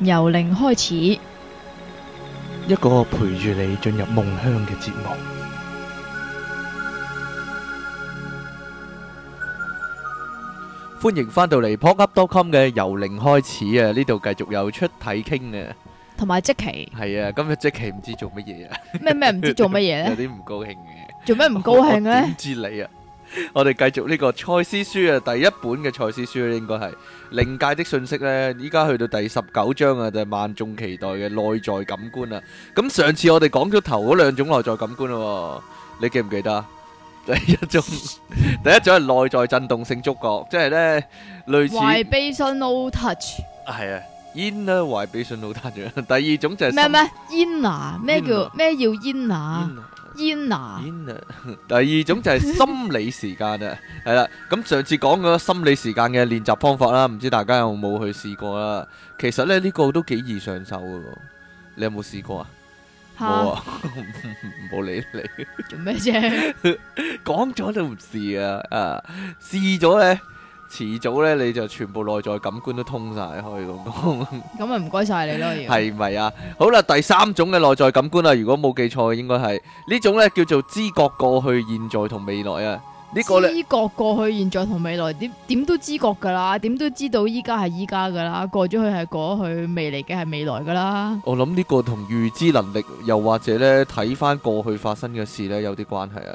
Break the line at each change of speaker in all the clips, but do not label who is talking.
由零開
始，一個陪住你進入夢鄉嘅節目。歡迎翻到嚟 popup.com 嘅由零開始啊！呢度繼續有出體傾嘅，
同埋即期。
係啊！今日即期唔知做乜嘢啊？
咩咩唔知做乜嘢咧？有啲
唔高興嘅，
做咩唔高興咧？點
知你啊？我哋繼續呢個《賽斯書》啊，第一本嘅《賽斯書》咧，應該係靈界的信息咧，依家去到第十九章啊，就係萬眾期待嘅內在感官啦。咁上次我哋講咗頭嗰兩種內在感官咯，你記唔記得？第一種，第一種係內在震動性觸覺，即係咧類似
，vibrational touch
啊，係啊，innervibrational touch。第二種就係咩咩
inner 咩叫咩叫 inner？煙啊！
第二種就係心理時間啊，係啦。咁上次講個心理時間嘅練習方法啦，唔知大家有冇去試過啦？其實咧呢個都幾易上手噶，你有冇試過啊？冇啊，冇理你。做咩啫？講咗就唔試啊！啊，試咗咧。遲早咧，你就全部內在感官都通晒，可以咁講。
咁咪唔該晒你咯，依家係
咪 啊？好啦，第三種嘅內在感官啦、啊，如果冇記錯，應該係呢種咧叫做知覺過去、現在同未來啊。這個、呢個知
覺過去、現在同未來，點點都知覺噶啦，點都知道依家係依家噶啦，過咗去係過去，未來嘅係未來噶啦。
我諗呢個同預知能力，又或者咧睇翻過去發生嘅事咧，有啲關係啊。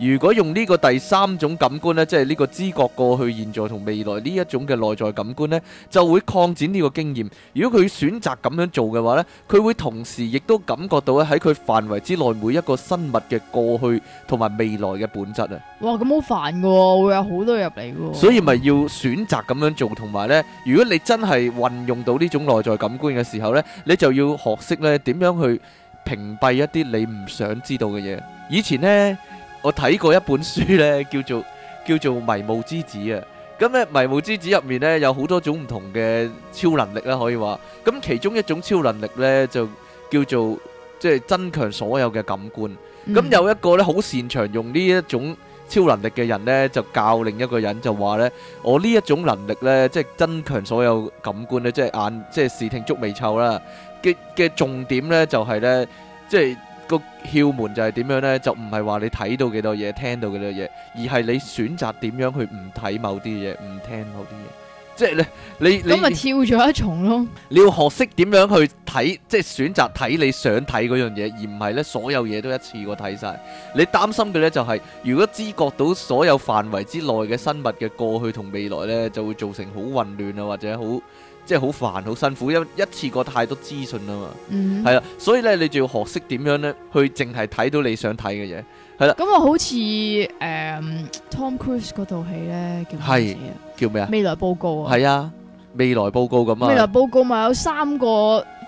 如果用呢個第三種感官呢，即係呢個知覺過去、現在同未來呢一種嘅內在感官呢，就會擴展呢個經驗。如果佢選擇咁樣做嘅話呢，佢會同時亦都感覺到咧，喺佢範圍之內每一個生物嘅過去同埋未來嘅本質啊！
哇，咁好煩嘅喎，會有好多入嚟喎。所
以咪要選擇咁樣做，同埋呢，如果你真係運用到呢種內在感官嘅時候呢，你就要學識呢，點樣去屏蔽一啲你唔想知道嘅嘢。以前呢。我睇過一本書咧，叫做叫做《迷霧之子》啊。咁咧，《迷霧之子》入面咧有好多種唔同嘅超能力啦，可以話。咁其中一種超能力咧就叫做即係增強所有嘅感官。咁有一個咧好擅長用呢一種超能力嘅人咧，就教另一個人就話咧：我呢一種能力咧，即係增強所有感官咧，即係眼即係視聽觸味嗅啦。嘅嘅重點咧就係咧，即係。個竅門就係點樣呢？就唔係話你睇到幾多嘢，聽到幾多嘢，而係你選擇點樣去唔睇某啲嘢，唔聽某啲嘢，即係你你咁咪跳咗一重咯。你要學識點樣去睇，即係選擇睇你想睇嗰樣嘢，而唔係呢所有嘢都一次過睇晒。你擔心嘅呢，就係如果知覺到所有範圍之內嘅生物嘅過去同未來呢，就會造成好混亂啊，或者好。即係好煩，好辛苦，因為一次過太多資訊啊嘛，係啦、mm hmm.，所以咧你仲要學識點樣咧去淨係睇到你想睇嘅嘢，係啦。咁
我好似誒、呃、Tom Cruise 嗰套戲咧，係叫咩啊？未來報告啊，係啊，
未來報告咁啊。未來
報告咪有三個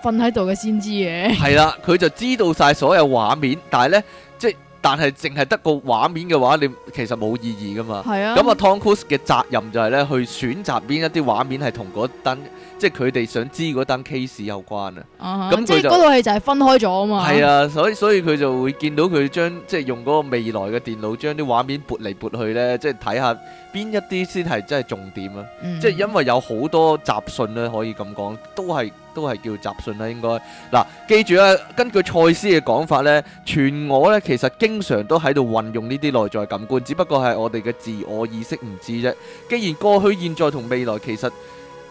瞓喺度嘅先知嘅，係 啦，
佢就知道晒所有畫面，但係咧即係。但係淨係得個畫面嘅話，你其實冇意義噶嘛。係是啊。咁啊，Tom Cruise 嘅責任就係呢：去選擇邊一啲畫面係同嗰單，即係佢哋想知嗰單 case 有關啊。
咁、uh huh、即係嗰套戲就係分開咗啊嘛。係啊，
所以所以佢就會見到佢將即係用嗰個未來嘅電腦將啲畫面撥嚟撥去呢，即係睇下邊一啲先係真係重點啊。Mm hmm. 即係因為有好多雜訊呢，可以咁講，都係。都係叫集信啦應該，應該嗱，記住啦、啊，根據賽斯嘅講法呢，全我呢其實經常都喺度運用呢啲內在感官，只不過係我哋嘅自我意識唔知啫。既然過去、現在同未來其實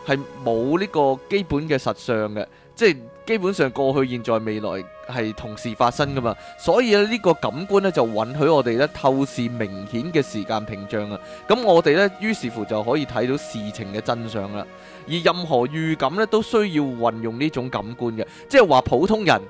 係冇呢個基本嘅實相嘅，即係基本上過去、現在、未來係同時發生噶嘛，所以呢個感官呢，就允許我哋呢透視明顯嘅時間屏障啊。咁我哋呢於是乎就可以睇到事情嘅真相啦。而任何預感咧，都需要運用呢種感官嘅，即係話普通人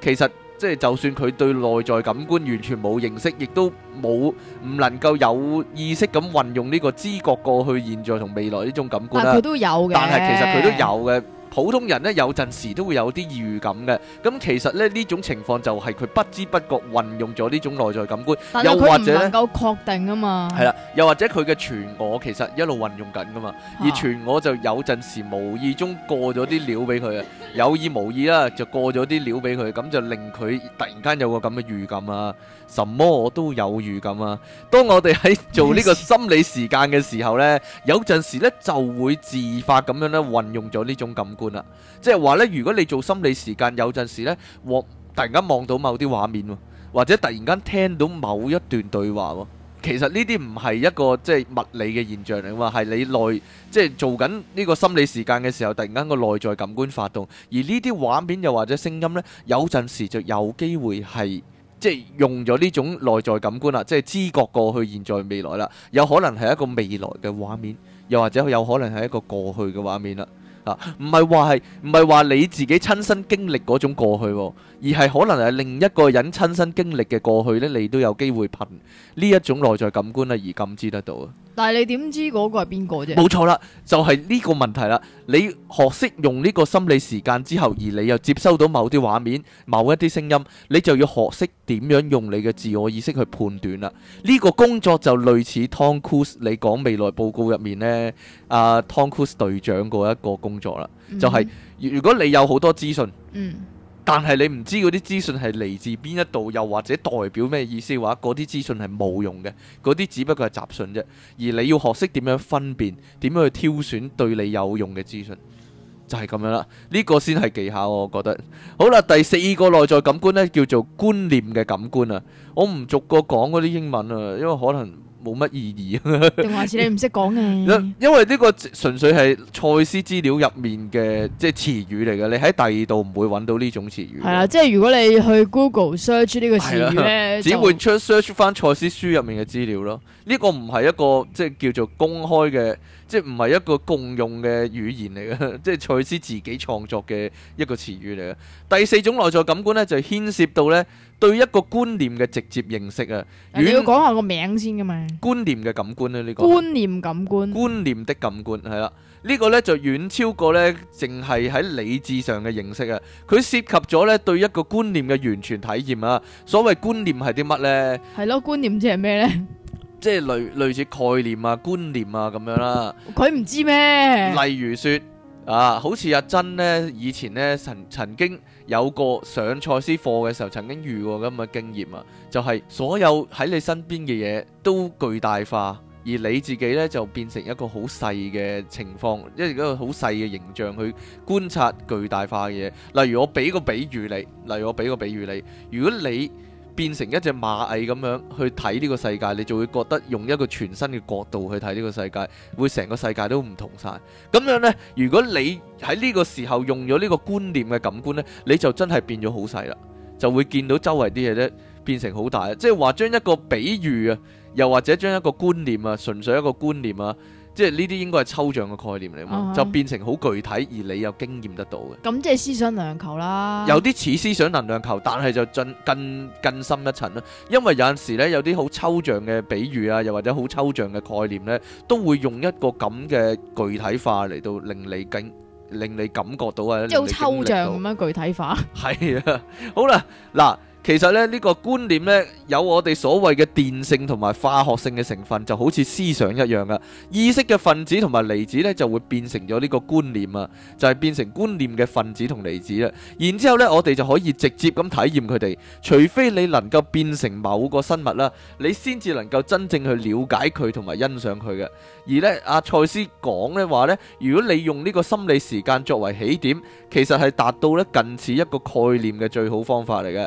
其實即係就算佢對內在感官完全冇認識，亦都冇唔能夠有意識咁運用呢個知覺過去、現在同未來呢種感官啦。佢都有嘅。但係其實佢都有嘅。普通人咧有陣時都會有啲預感嘅，咁其實咧呢種情況就係佢不知不覺運用咗呢種內在感官，又或者咧，能
夠確定啊嘛，係啦，
又或者佢嘅全我其實一路運用緊噶嘛，而全我就有陣時無意中過咗啲料俾佢啊，有意無意啦就過咗啲料俾佢，咁就令佢突然間有個咁嘅預感啊，什麼我都有預感啊！當我哋喺做呢個心理時間嘅時候咧，有陣時咧就會自發咁樣咧運用咗呢種感官。啦，即係話咧，如果你做心理時間，有陣時咧我突然間望到某啲畫面，或者突然間聽到某一段對話，其實呢啲唔係一個即係物理嘅現象嚟嘅嘛，係你內即係做緊呢個心理時間嘅時候，突然間個內在感官發動，而呢啲畫面又或者聲音咧，有陣時就有機會係即係用咗呢種內在感官啦，即係知覺過去、現在、未來啦，有可能係一個未來嘅畫面，又或者有可能係一個過去嘅畫面啦。啊！唔係話係，唔係話你自己親身經歷嗰種過去，啊。而係可能係另一個人親身經歷嘅過去咧，你都有機會憑呢一種內在感官咧而感知得到
啊！但係你點知嗰個係邊個啫？冇錯
啦，就係、是、呢個問題啦。你學識用呢個心理時間之後，而你又接收到某啲畫面、某一啲聲音，你就要學識點樣用你嘅自我意識去判斷啦。呢、這個工作就類似 Tom Cruise 你講未來報告入面呢，啊 Tom Cruise 隊長嗰一個工作啦，嗯、就係、是、如果你有好多資訊，嗯。但係你唔知嗰啲資訊係嚟自邊一度，又或者代表咩意思嘅話，嗰啲資訊係冇用嘅，嗰啲只不過係雜訊啫。而你要學識點樣分辨、點樣去挑選對你有用嘅資訊，就係咁樣啦。呢個先係技巧啊，我覺得。好啦，第四個內在感官呢，叫做觀念嘅感官啊。我唔逐個講嗰啲英文啊，因為可能。冇乜意義，定還是你
唔識講嘅？因
因為呢個純粹係賽斯資料入面嘅即係詞語嚟嘅，你喺第二度唔會揾到呢種詞語。係
啊，即係如果你去 Google search 呢個詞語咧、啊，你就 只會
出 search 翻賽斯書入面嘅資料咯。呢、這個唔係一個即係叫做公開嘅，即係唔係一個共用嘅語言嚟嘅，即係賽斯自己創作嘅一個詞語嚟嘅。第四種內在感官呢，就牽涉到呢。對一個觀念嘅直接認識啊，你要講下個名先噶嘛？觀念嘅感官咧、啊，呢、這個觀念感官，觀念的感官係啦，呢、這個呢，就遠超過呢，淨係喺理智上嘅認識啊，佢涉及咗呢，對一個觀念嘅完全體驗啊。所謂觀念係啲乜呢？
係咯，觀念即係咩呢？
即係類類似概念啊、觀念啊咁樣啦、啊。佢
唔知咩？例
如說啊，好似阿珍呢，以前呢曾曾經。有個上賽斯課嘅時候，曾經遇過咁嘅經驗啊，就係、是、所有喺你身邊嘅嘢都巨大化，而你自己呢就變成一個好細嘅情況，一個好細嘅形象去觀察巨大化嘅嘢。例如我俾個比喻你，例如我俾個比喻你，如果你，變成一隻螞蟻咁樣去睇呢個世界，你就會覺得用一個全新嘅角度去睇呢個世界，會成個世界都唔同晒。咁樣呢，如果你喺呢個時候用咗呢個觀念嘅感官呢，你就真係變咗好細啦，就會見到周圍啲嘢呢變成好大。即係話將一個比喻啊，又或者將一個觀念啊，純粹一個觀念啊。即係呢啲應該係抽象嘅概念嚟嘛，uh huh。就變成好具體，而你又經驗得到嘅。
咁即係思想能量球啦。有啲
似思想能量球，但係就進更更深一層啦。因為有陣時咧，有啲好抽象嘅比喻啊，又或者好抽象嘅概念咧，都會用一個咁嘅具體化嚟到令你感令你感覺到啊。即好抽象
咁樣具體化。
係啊，好啦，嗱。其實咧，呢個觀念呢，有我哋所謂嘅電性同埋化學性嘅成分，就好似思想一樣噶。意識嘅分子同埋離子呢，就會變成咗呢個觀念啊，就係變成觀念嘅分子同離子啦。然之後呢，我哋就可以直接咁體驗佢哋，除非你能夠變成某個生物啦，你先至能夠真正去了解佢同埋欣賞佢嘅。而呢，阿、啊、賽斯講呢話呢，如果你用呢個心理時間作為起點，其實係達到呢近似一個概念嘅最好方法嚟嘅。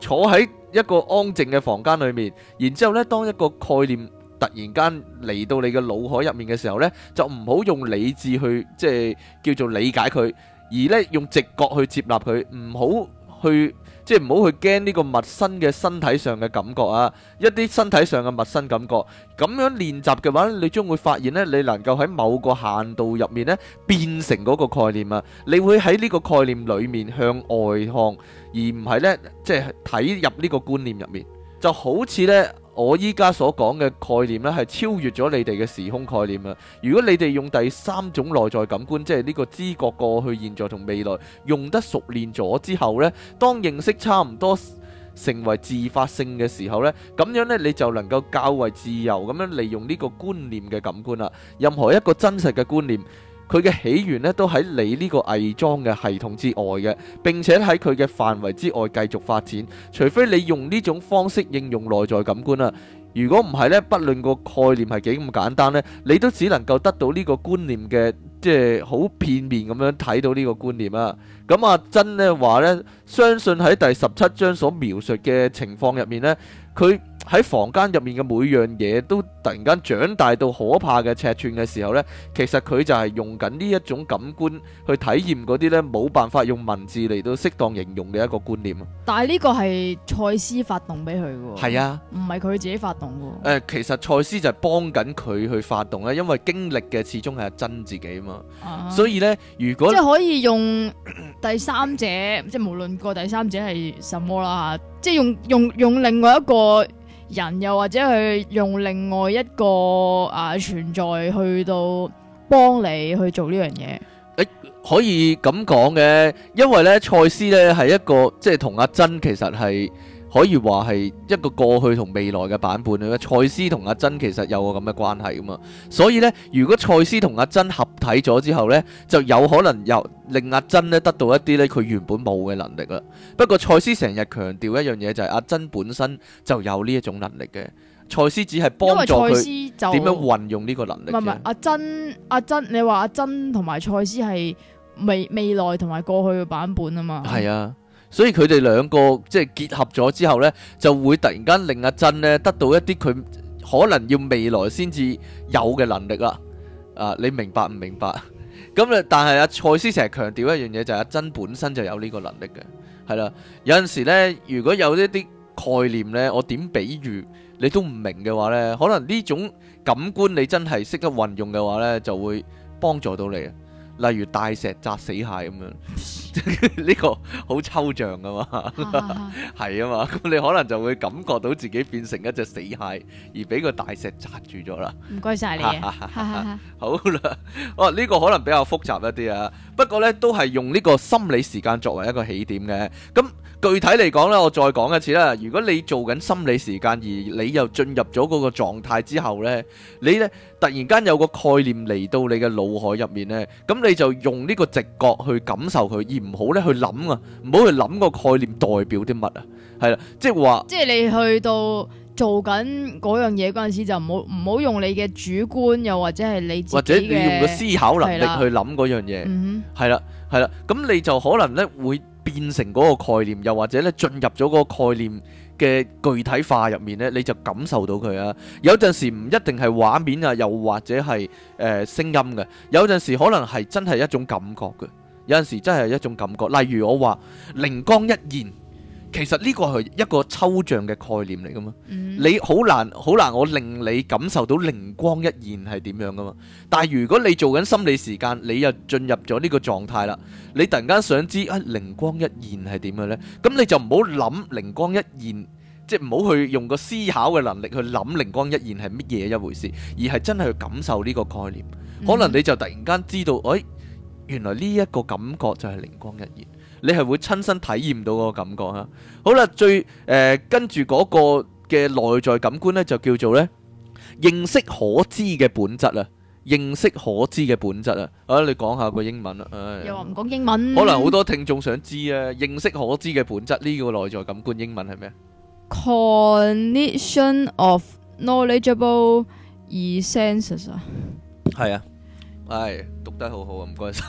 坐喺一個安靜嘅房間裏面，然之後呢，當一個概念突然間嚟到你嘅腦海入面嘅時候呢，就唔好用理智去，即係叫做理解佢，而呢，用直覺去接納佢，唔好去。即係唔好去驚呢個陌生嘅身體上嘅感覺啊，一啲身體上嘅陌生感覺，咁樣練習嘅話，你將會發現呢，你能夠喺某個限度入面呢變成嗰個概念啊，你會喺呢個概念裡面向外看，而唔係呢，即係睇入呢個觀念入面，就好似呢。我依家所講嘅概念咧，係超越咗你哋嘅時空概念啦。如果你哋用第三種內在感官，即係呢個知覺過去、現在同未來，用得熟練咗之後，呢當認識差唔多成為自發性嘅時候，呢咁樣呢，你就能夠較為自由咁樣利用呢個觀念嘅感官啦。任何一個真實嘅觀念。佢嘅起源咧都喺你呢個偽裝嘅系統之外嘅，並且喺佢嘅範圍之外繼續發展，除非你用呢種方式應用內在感官啦。如果唔係呢，不論個概念係幾咁簡單呢，你都只能夠得到呢個觀念嘅，即係好片面咁樣睇到呢個觀念啊。咁阿珍呢話呢，相信喺第十七章所描述嘅情況入面，呢佢，喺房間入面嘅每樣嘢都突然間長大到可怕嘅尺寸嘅時候呢,其實佢就係用緊呢一種感官去體驗嗰啲呢，冇辦法用文字嚟到適當形容嘅一個觀念啊！
但係呢個係賽斯發動俾佢嘅，係啊，唔係佢自己發動嘅。
誒、呃，其實賽斯就係幫緊佢去發動咧，因為經歷嘅始終係真自己啊嘛，啊所以呢，如果即係可以
用第三者， 即係無論個第三者係什麼啦，即係用用用，用另外一個。人又或者去用另外一個啊存在去到幫你去做呢樣嘢，誒、
欸、可以咁講嘅，因為呢賽斯呢係一個即係同阿珍其實係。可以話係一個過去同未來嘅版本。賽斯同阿珍其實有個咁嘅關係啊嘛，所以呢，如果賽斯同阿珍合體咗之後呢，就有可能又令阿珍咧得到一啲呢佢原本冇嘅能力啦。不過賽斯成日強調一樣嘢就係阿珍本身就有呢一種能力嘅，賽斯只係幫助佢點樣運用呢個能力。唔係
阿珍，阿珍，你話阿珍同埋賽斯係未未來同埋過去嘅版本啊嘛？係
啊。所以佢哋兩個即係結合咗之後呢，就會突然間令阿珍咧得到一啲佢可能要未來先至有嘅能力啦。啊，你明白唔明白？咁 咧，但係阿賽斯成日強調一樣嘢，就係、是、阿珍本身就有呢個能力嘅，係啦。有陣時呢，如果有一啲概念呢，我點比喻你都唔明嘅話呢，可能呢種感官你真係識得運用嘅話呢，就會幫助到你。例如大石砸死蟹咁樣。呢個好抽象㗎嘛，係啊嘛，咁你可能就會感覺到自己變成一隻死蟹，而俾個大石砸住咗啦。
唔該晒你啊，
好啦，哦呢個可能比較複雜一啲啊，不過咧都係用呢個心理時間作為一個起點嘅。咁具體嚟講咧，我再講一次啦。如果你做緊心理時間，而你又進入咗嗰個狀態之後咧，你咧突然間有個概念嚟到你嘅腦海入面咧，咁你就用呢個直覺去感受佢而。唔好咧去諗啊，唔好去諗個概念代表啲乜啊，係啦，即係話，
即係你去到做緊嗰樣嘢，嗰陣時就，就唔好唔好用你嘅主觀，又或者係你或者你用個思考能力去
諗嗰樣嘢，係啦係啦，咁你就可能咧會變成嗰個概念，又或者咧進入咗個概念嘅具體化入面咧，你就感受到佢啊。有陣時唔一定係畫面啊，又或者係誒、呃、聲音嘅，有陣時可能係真係一種感覺嘅。有陣時真係一種感覺，例如我話靈光一現，其實呢個係一個抽象嘅概念嚟噶嘛，嗯、你好難好難，難我令你感受到靈光一現係點樣噶嘛。但係如果你做緊心理時間，你又進入咗呢個狀態啦，你突然間想知啊靈光一現係點樣呢？咁你就唔好諗靈光一現，即係唔好去用個思考嘅能力去諗靈光一現係乜嘢一回事，而係真係去感受呢個概念，可能你就突然間知道，哎。原來呢一個感覺就係靈光一現，你係會親身體驗到嗰個感覺啦。好啦，最誒、呃、跟住嗰個嘅內在感官咧，就叫做咧認識可知嘅本質啦，認識可知嘅本質啦。啊，你講下個英文啦。又話唔
講英文？可能好多
聽眾想知咧，認識可知嘅本質呢、啊啊啊這個內在感官英文係咩
？Cognition of knowledgeable essences 啊。
係啊。係、哎、讀得好好啊，唔該晒。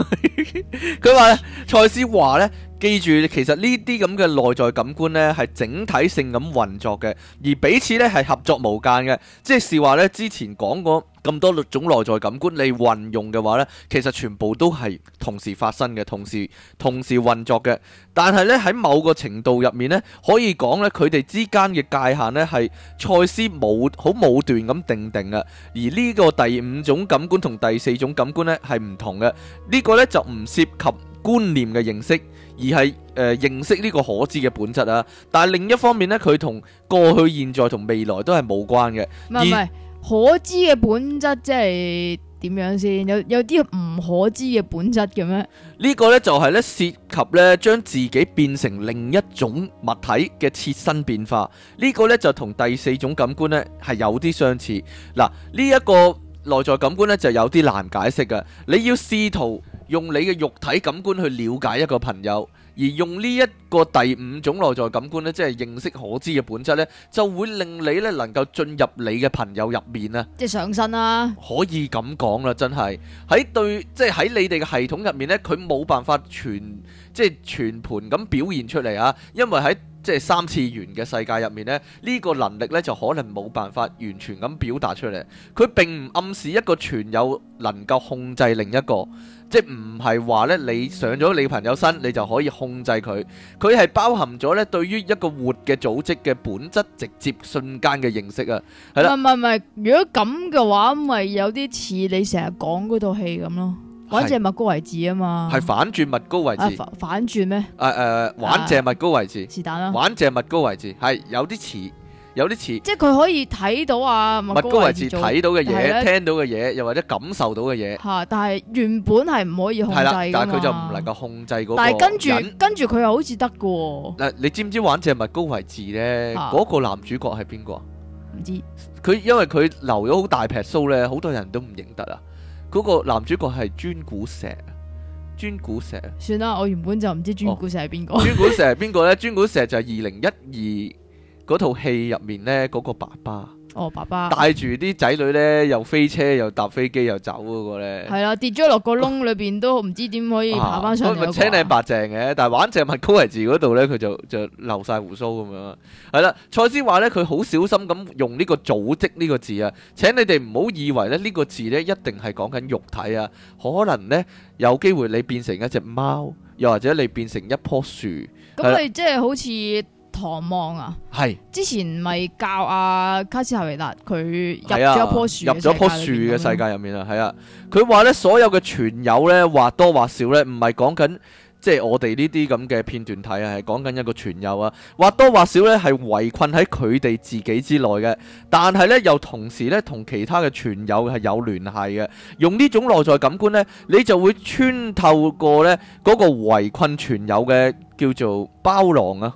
佢 話賽斯話咧，記住其實呢啲咁嘅內在感官咧，係整體性咁運作嘅，而彼此咧係合作無間嘅，即係話咧之前講過。咁多六種內在感官，你運用嘅話咧，其實全部都係同時發生嘅，同時同時運作嘅。但係咧喺某個程度入面咧，可以講咧佢哋之間嘅界限咧係賽斯冇好武斷咁定定嘅。而呢個第五種感官同第四種感官咧係唔同嘅。呢個咧就唔涉及觀念嘅認識，而係誒認識呢個可知嘅本質啊。但係另一方面咧，佢同過去、現在同未來都係冇關嘅。唔係。
可知嘅本質即係點樣先？有有啲唔可知嘅本質嘅咩？
呢個呢就係、是、呢涉及呢將自己變成另一種物體嘅切身變化。呢、這個呢就同第四種感官呢係有啲相似。嗱，呢、這、一個內在感官呢就有啲難解釋嘅。你要試圖用你嘅肉體感官去了解一個朋友。而用呢一個第五種內在感官呢，即係認識可知嘅本質呢，就會令你呢能夠進入你嘅朋友入面啊！即係上身啦，可以咁講啦，真係喺對，即係喺你哋嘅系統入面呢，佢冇辦法全即係、就是、全盤咁表現出嚟啊！因為喺即係三次元嘅世界入面呢，呢、呢個能力呢，就可能冇辦法完全咁表達出嚟。佢並唔暗示一個存有能夠控制另一個。即係唔係話咧？你上咗你朋友身，你就可以控制佢。佢係包含咗咧，對於一個活嘅組織嘅本質直接瞬間嘅認識啊。係啦。唔
係唔係，如果咁嘅話，咪有啲似你成日講嗰套戲咁咯。玩謝麥高維治啊嘛。係
反轉麥高維治，啊。反轉咩？誒誒，啊呃，玩謝麥高維治，啊。是但啦。玩謝麥高維治係有啲似。有啲似，
即係佢可以睇到啊維，麥高維治睇到嘅嘢，是聽
到嘅嘢，又或者感受到嘅嘢。
吓、啊，但係原本係唔可以控制、啊。但係佢就唔
能夠控制嗰個。但係跟住
跟住佢又好似得嘅。
嗱、啊，你知唔知玩《借麥高維治》咧？嗰個男主角係邊個啊？唔知。佢因為佢留咗好大撇須咧，好多人都唔認得啊。嗰、那個男主角係專古石，專古石。
算啦，我原本就唔知專古石係邊個。專、哦、古石
係邊個咧？專 古石就係二零一二。嗰套戲入面呢，嗰，那個爸爸，哦，爸爸帶住啲仔女呢，又飛車，又搭飛機，又走嗰個呢，係
啊，跌咗落個窿裏邊都唔知點可以爬翻上嚟。唔係青定
白淨嘅，但係玩鄭文高字嗰度呢，佢就就留晒鬍鬚咁樣。係啦，賽斯話呢，佢好小心咁用呢，這個組織呢，這個字啊，請你哋唔好以為咧呢，這個字呢一定係講緊肉體啊，可能呢，有機會你變成一隻貓，又或者你變成一棵樹。咁、嗯、了你
即係好似。唐望啊，係是之前咪教阿、啊、卡斯哈維達佢入咗棵樹，啊，入咗棵樹
嘅世界入面啦，係樣啊。佢話呢，所有嘅存有呢，或多或少呢，唔係講緊即係我哋呢啲咁嘅片段體啊，係講緊一個存有啊。或多或少呢，係圍困喺佢哋自己之內嘅，但係呢，又同時呢，同其他嘅存有係有聯繫嘅。用呢種內在感官呢，你就會穿透過呢嗰、那個圍困存有嘅叫做包囊啊。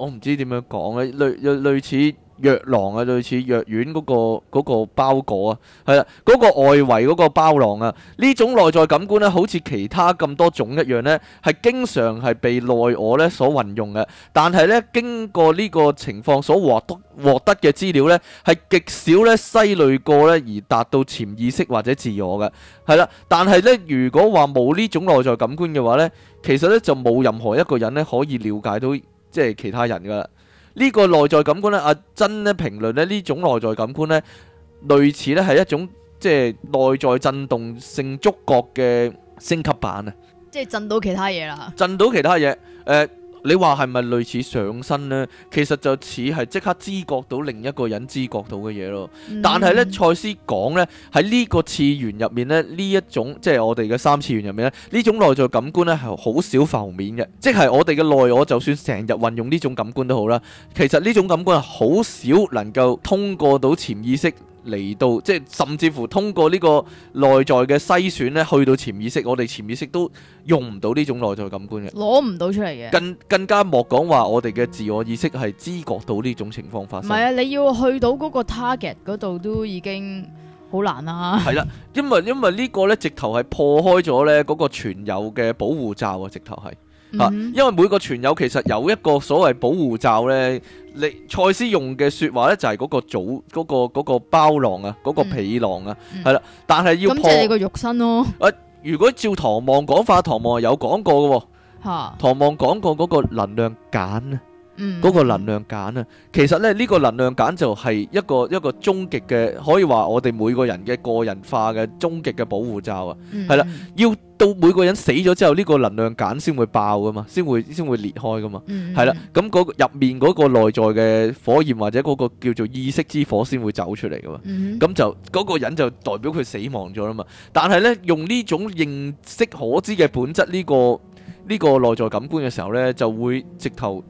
我唔知點樣講咧，類類類似藥囊啊，類似藥丸嗰個嗰個包裹啊，係啦，嗰個外圍嗰個包囊啊，呢種內在感官咧，好似其他咁多種一樣咧，係經常係被內我咧所運用嘅。但係咧，經過呢個情況所獲得獲得嘅資料咧，係極少咧篩類過咧而達到潛意識或者自我嘅。係啦，但係咧，如果話冇呢種內在感官嘅話咧，其實咧就冇任何一個人咧可以瞭解到。即係其他人㗎啦，呢個內在感官咧，阿珍咧評論咧，呢種內在感官咧，類似咧係一種即係內在震動性觸覺嘅升級版啊！
即係震到其他嘢啦，
震到其他嘢誒。呃你話係咪類似上身呢？其實就似係即刻知覺到另一個人知覺到嘅嘢咯。嗯、但係呢，賽斯講呢，喺呢個次元入面呢，呢一種即係我哋嘅三次元入面呢，呢種內在感官呢，係好少浮面嘅，即係我哋嘅內我，就算成日運用呢種感官都好啦。其實呢種感官係好少能夠通過到潛意識。嚟到即係甚至乎通過呢個內在嘅篩選咧，去到潛意識，我哋潛意識都用唔到呢種內在感官嘅，
攞唔到出嚟嘅。更
更加莫講話我哋嘅自我意識係知覺到呢種情況發生。唔係
啊，你要去到嗰個 target 嗰度都已經好難啦、啊。係
啦、啊，因為因為呢個呢直頭係破開咗呢嗰個存有嘅保護罩啊，直頭係。啊、因為每個傳友其實有一個所謂保護罩呢，你賽斯用嘅説話呢，就係、是、嗰個組嗰、那個那個、包囊啊，嗰、那個皮囊啊，係啦、嗯嗯，但係要破。咁你個肉身咯、啊。如果照唐望講法，唐望有講過嘅喎、啊。啊、唐望講過嗰個能量減。嗰個能量揀啊，其實咧呢、這個能量揀就係一個一個終極嘅，可以話我哋每個人嘅個人化嘅終極嘅保護罩啊，係啦， 要到每個人死咗之後，呢、這個能量揀先會爆噶嘛，先會先會裂開噶嘛，係啦，咁 入樂、那個、面嗰個內在嘅火焰或者嗰個叫做意識之火先會走出嚟噶嘛，咁 就嗰、那個人就代表佢死亡咗啦嘛。但係呢，用呢種認識可知嘅本質呢、這個呢、這個這個內在感官嘅時候呢，就會直頭，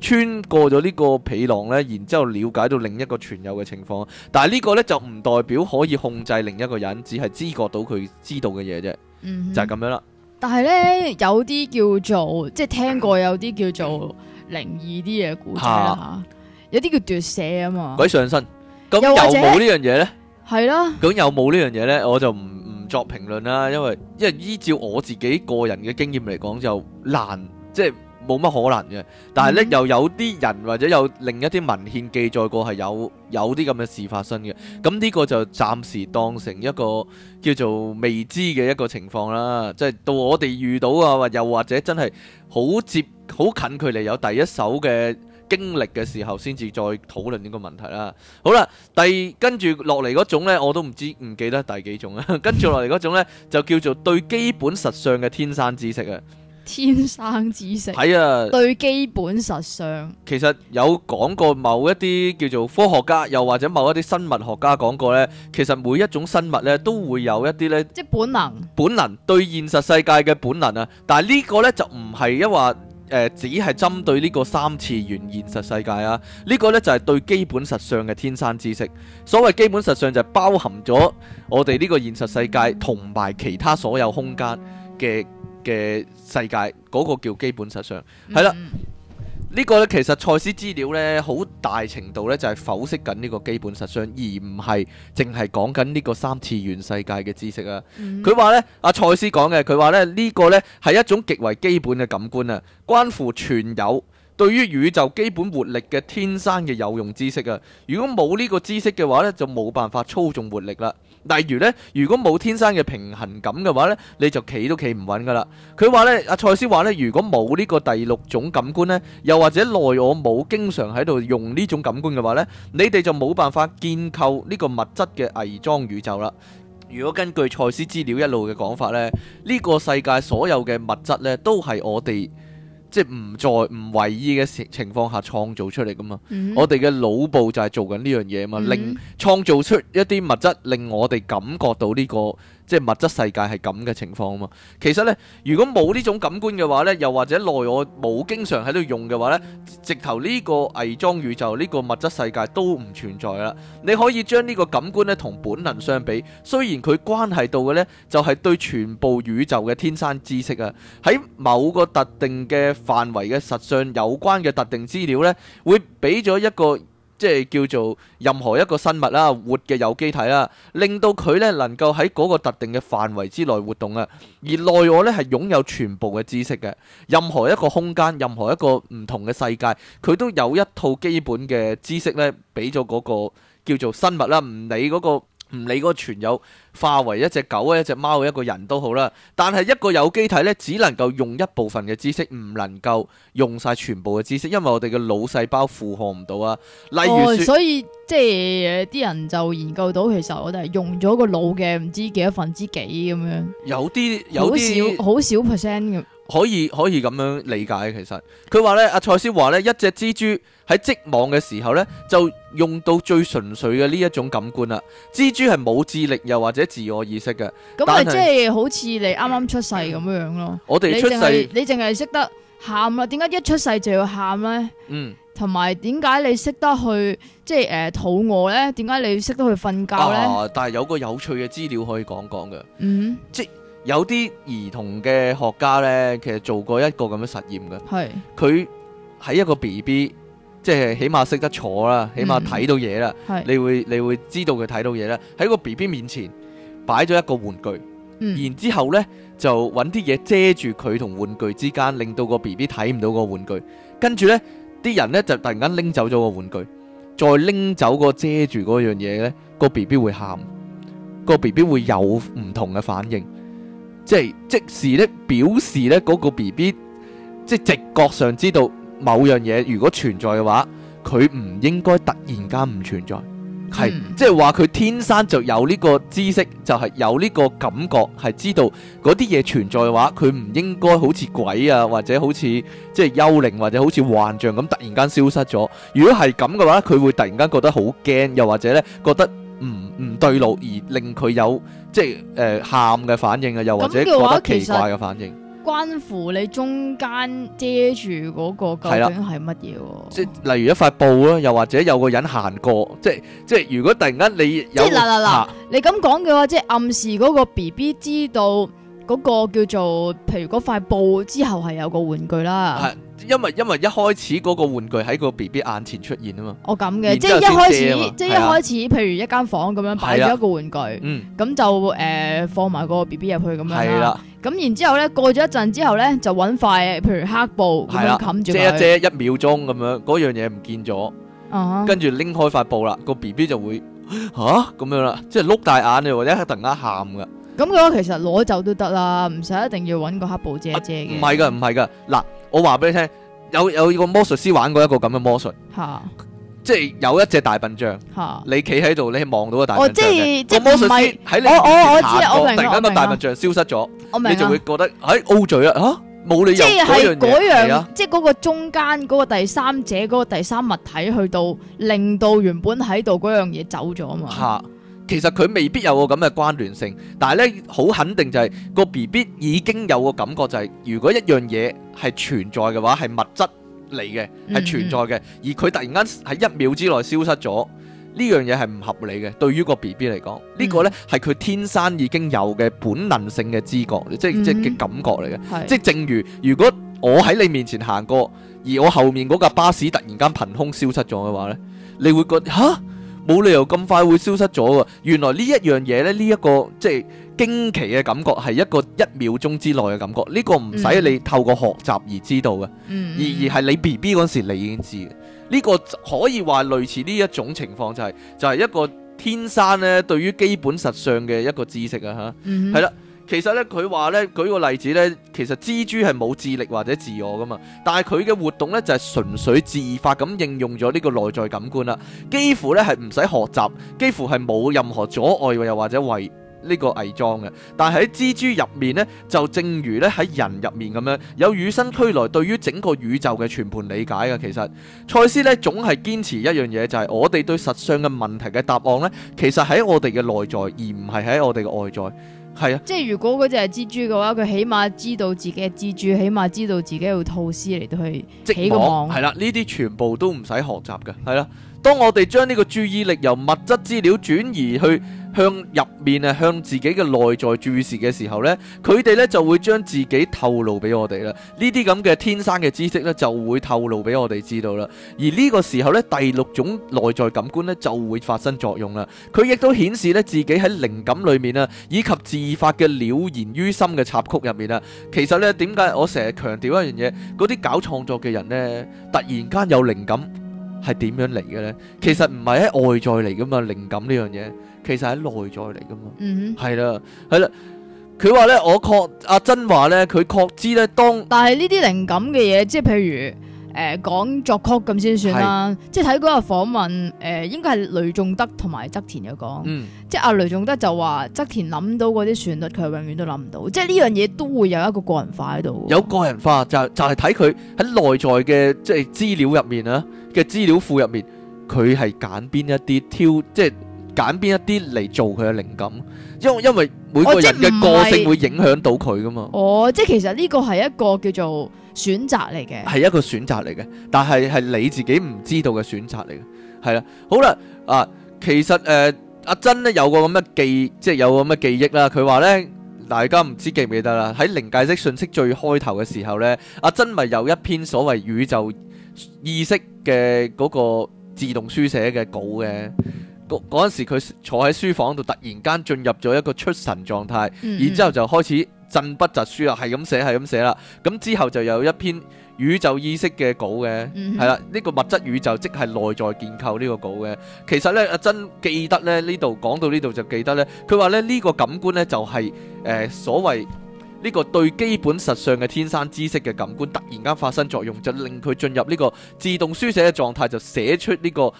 穿過咗呢個皮囊呢，然之後了解到另一個存有嘅情況，但係呢個呢，就唔代表可以控制另一個人，只係知覺到佢知道嘅嘢啫，嗯、哼就係咁樣啦。
但係呢，有啲叫做即係聽過有啲叫做靈異啲嘢故仔、啊、有啲叫奪舍啊嘛，鬼上身。咁有冇呢樣嘢呢？係啦的。
咁有冇呢樣嘢呢？我就唔唔作評論啦，因為因為依照我自己個人嘅經驗嚟講，就難即係。冇乜可能嘅，但係呢，嗯、又有啲人或者有另一啲文獻記載過係有有啲咁嘅事發生嘅，咁呢個就暫時當成一個叫做未知嘅一個情況啦，即係到我哋遇到啊，或又或者真係好接好近距離有第一手嘅經歷嘅時候，先至再討論呢個問題啦。好啦，第跟住落嚟嗰種咧，我都唔知唔記得第幾種啊？ 跟住落嚟嗰種咧，就叫做對基本實相嘅天生知識啊。
天生知識，
係啊，對
基本實相。
其實有講過某一啲叫做科學家，又或者某一啲生物學家講過呢。其實每一種生物呢，都會有一啲呢即本能。本能對現實世界嘅本能啊，但係呢個呢，就唔係一話誒，只係針對呢個三次元現實世界啊。呢、這個呢，就係、是、對基本實相嘅天生知識。所謂基本實相就係包含咗我哋呢個現實世界同埋其他所有空間嘅。嘅世界嗰，那個叫基本實相，係啦，呢、mm hmm. 個咧其實賽斯資料咧好大程度咧就係剖析緊呢個基本實相，而唔係淨係講緊呢個三次元世界嘅知識，mm hmm. 啊。佢話咧，阿賽斯講嘅，佢話咧呢個咧係一種極為基本嘅感官啊，關乎全有，對於宇宙基本活力嘅天生嘅有用知識啊。如果冇呢個知識嘅話咧，就冇辦法操縱活力啦。例如咧，如果冇天生嘅平衡感嘅話咧，你就企都企唔穩噶啦。佢話咧，阿賽斯話咧，如果冇呢個第六種感官咧，又或者內我冇經常喺度用呢種感官嘅話咧，你哋就冇辦法建構呢個物質嘅偽裝宇宙啦。如果根據賽斯資料一路嘅講法咧，呢、呢個世界所有嘅物質咧，都係我哋。即係唔在唔為意嘅情情況下創造出嚟噶嘛，mm hmm. 我哋嘅腦部就係做緊呢樣嘢啊嘛，mm hmm. 令創造出一啲物質，令我哋感覺到呢個。即係物質世界係咁嘅情況啊嘛，其實呢，如果冇呢種感官嘅話呢，又或者內我冇經常喺度用嘅話呢，直頭呢個偽裝宇宙、呢個物質世界都唔存在啦。你可以將呢個感官呢同本能相比，雖然佢關係到嘅呢，就係對全部宇宙嘅天生知識啊，喺某個特定嘅範圍嘅實相有關嘅特定資料呢，會俾咗一個。即係叫做任何一個生物啦，活嘅有機體啦，令到佢咧能夠喺嗰個特定嘅範圍之內活動啊。而內我咧係擁有全部嘅知識嘅，任何一個空間，任何一個唔同嘅世界，佢都有一套基本嘅知識咧，俾咗嗰個叫做生物啦，唔理嗰個。唔理嗰個全有化為一隻狗、一隻貓、一個人都好啦，但係一個有機體呢，只能夠用一部分嘅知識，唔能夠用晒全部嘅知識，因為我哋嘅腦細胞負荷唔到啊。例如、哦，所以
即係啲人就研究到，其實我哋係用咗個腦嘅唔知幾多分之幾咁樣。
有啲，好少，
好少 percent
可以可以咁樣理解。其實佢話咧，阿賽斯話咧，一隻蜘蛛喺織網嘅時候咧，就用到最純粹嘅呢一種感官啦。蜘蛛係冇智力又或者自我意識嘅，咁咪即係
好似你啱啱出世咁樣樣咯。
我哋出世，你
淨係識得喊啦。點解一出世就要喊咧？嗯，同埋點解你識得去即係誒，肚餓咧？點解你識得去瞓覺咧？啊！
但係有個有趣嘅資料可以講講嘅，嗯，即、嗯有啲兒童嘅學家咧，其實做過一個咁嘅實驗嘅。係佢喺一個 B B，即係起碼識得坐啦，起碼睇到嘢啦。嗯、你會你會知道佢睇到嘢啦。喺是個 B B 面前擺咗一個玩具，嗯、然之後咧就揾啲嘢遮住佢同玩具之間，令到個 B B 睇唔到個玩具。跟住咧啲人咧就突然間拎走咗個玩具，再拎走個遮住嗰樣嘢咧，個 B B 會喊，個 B B 會有唔同嘅反應。即係，即是咧表示咧嗰個 B B，即係直覺上知道某樣嘢如果存在嘅話，佢唔應該突然間唔存在，係、嗯、即係話佢天生就有呢個知識，就係、是、有呢個感覺係知道嗰啲嘢存在嘅話，佢唔應該好似鬼啊，或者好似即係幽靈或者好似幻象咁突然間消失咗。如果係咁嘅話，佢會突然間覺得好驚，又或者咧覺得唔唔對路，而令佢有。即係誒喊嘅反應啊，又或者覺得奇怪嘅反應，
關乎你中間遮住嗰個究竟係乜嘢？即係
例如一塊布啦，又或者有個人行過，即係即係如果突然間你有，即嗱嗱嗱，
下你咁講嘅話，即係暗示嗰個 B B 知道。嗰個叫做，譬如嗰塊布之後係有個玩具啦。
係，因為因為一開始嗰個玩具喺個 B B 眼前出現啊嘛。
哦，咁嘅，即係一開始，即係一開始，的譬如一間房咁樣擺咗一個玩具，咁的就誒、呃、放埋個 B B 入去咁樣啦。咁的然後然後呢之後咧，過咗一陣之後咧，就揾塊譬如黑布咁樣冚住遮一遮
一秒鐘咁樣，嗰樣嘢唔見咗。
Uh huh. 跟
住拎開塊布啦，個 B B 就會吓，咁樣啦，即係碌大眼又突然間喊噶。
咁嘅話，其實攞走都得啦，唔使一定要揾個黑布遮遮嘅。唔係噶，唔
係噶，嗱，我話俾你聽，有有個魔術師玩過一個咁嘅魔術，
吓，即
係有一隻大笨象，吓，你企喺度，你係望到個大，我即係
即係魔術師喺你，我我我知，我明我明。突然間個
大笨象消失咗，我明，你就會覺得喺 O 嘴啦，吓，冇理由。即係嗰樣，即
係嗰個中間嗰個第三者嗰個第三物體去到，令到原本喺度嗰樣嘢走咗啊
嘛。其實佢未必有個咁嘅關聯性，但係咧，好肯定就係個 B B 已經有個感覺、就係，就係如果一樣嘢係存在嘅話，係物質嚟嘅，係存在嘅，嗯、而佢突然間喺一秒之內消失咗，呢樣嘢係唔合理嘅。對於個 B B 嚟講，呢個呢係佢天生已經有嘅本能性嘅知覺，即係即嘅感覺嚟嘅。嗯、即係正如如果我喺你面前行過，而我後面嗰架巴士突然間憑空消失咗嘅話呢，你會覺得吓！」冇理由咁快會消失咗㗎，原來呢一樣嘢呢，呢、這、一個即係驚奇嘅感覺係一個一秒鐘之內嘅感覺。呢、這個唔使你透過學習而知道嘅，mm hmm.，而而係你 B B 嗰時你已經知嘅。呢、這個可以話類似呢一種情況就係、是、就係、是、一個天生咧對於基本實相嘅一個知識啊嚇，係啦。Mm hmm. 其實咧，佢話咧，舉個例子咧，其實蜘蛛係冇智力或者自我㗎嘛，但係佢嘅活動咧就係、是、純粹自發咁應用咗呢個內在感官啦，幾乎咧係唔使學習，幾乎係冇任何阻礙又或者偽呢個偽裝嘅。但係喺蜘蛛入面咧，就正如咧喺人入面咁樣，有與生俱來對於整個宇宙嘅全盤理解嘅。其實賽斯咧總係堅持一樣嘢，就係、是、我哋對實相嘅問題嘅答案咧，其實喺我哋嘅內在，而唔係喺我哋嘅外在。係
啊，即係如果嗰隻係蜘蛛嘅話，佢起碼知道自己係蜘蛛，起碼知道自己要吐絲嚟到去織個網，織網。
係、嗯、啦，呢啲全部都唔使學習嘅，係啦。當我哋將呢個注意力由物質資料轉移去向入面啊，向自己嘅內在注視嘅時候呢，佢哋呢就會將自己透露俾我哋啦。呢啲咁嘅天生嘅知識呢，就會透露俾我哋知道啦。而呢個時候呢，第六種內在感官呢，就會發生作用啦。佢亦都顯示呢，自己喺靈感裏面啊，以及自發嘅了然於心嘅插曲入面啊。其實呢，點解我成日強調一樣嘢？嗰啲搞創作嘅人呢，突然間有靈感。係點樣嚟嘅咧？其實唔係喺外在嚟噶嘛，靈感呢樣嘢，其實喺內在嚟噶嘛。嗯哼，係啦，係啦。佢話咧，我確，阿珍話咧，佢確知咧，當，
但係呢啲靈感嘅嘢，即係譬如。誒，講、呃、作曲咁先算啦、啊，是即係睇嗰個訪問，誒、呃，應該係雷頌德同埋側田有講，嗯、即係阿雷頌德就話側田諗到嗰啲旋律，佢永遠都諗唔到，即係呢樣嘢都會有一個個人化
喺度。有個人化就是、就係睇佢喺內在嘅即係資料入面啊，嘅資料庫入面，佢係揀邊一啲挑，即係揀邊一啲嚟做佢嘅靈感，因為因為每個人嘅、哦、個性會影響到佢㗎嘛。
哦，即係其實呢個係一個叫做。選擇嚟嘅，係
一個選擇嚟嘅，但係係你自己唔知道嘅選擇嚟嘅，係啦，好啦，啊，其實誒、呃，阿珍呢，有個咁嘅記，即係有咁嘅記憶啦。佢話呢，大家唔知記唔記得啦，喺靈界式信息最開頭嘅時候呢，阿珍咪有一篇所謂宇宙意識嘅嗰個自動書寫嘅稿嘅，嗰嗰陣時佢坐喺書房度，突然間進入咗一個出神狀態，嗯、然之後就開始，振筆疾書啊，係咁寫，係咁寫啦。咁之後就有一篇宇宙意識嘅稿嘅，係啦、嗯哼。呢、這個物質宇宙即係內在建構呢個稿嘅。其實呢，阿珍記得咧呢度講到呢度就記得呢。佢話咧呢、這個感官呢，就係、是、誒、呃、所謂呢個對基本實相嘅天生知識嘅感官突然間發生作用，就令佢進入呢個自動書寫嘅狀態，就寫出呢個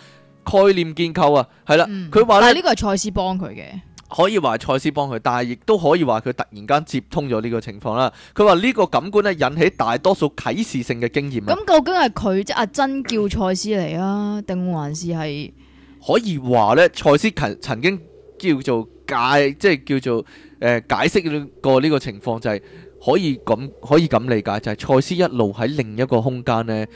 概念建構啊。係啦，佢話、嗯、呢
個係賽斯幫佢嘅。
可以話賽斯幫佢，但係亦都可以話佢突然間接通咗呢個情況啦。佢話呢個感官咧引起大多數啟示性嘅經驗。咁
究竟係佢即阿珍叫賽斯嚟啊，定還是係
可以話呢，賽斯曾曾經叫做解，即係叫做誒、呃、解釋過呢個情況，就係、是、可以咁可以咁理解，就係、是、賽斯一路喺另一個空間呢。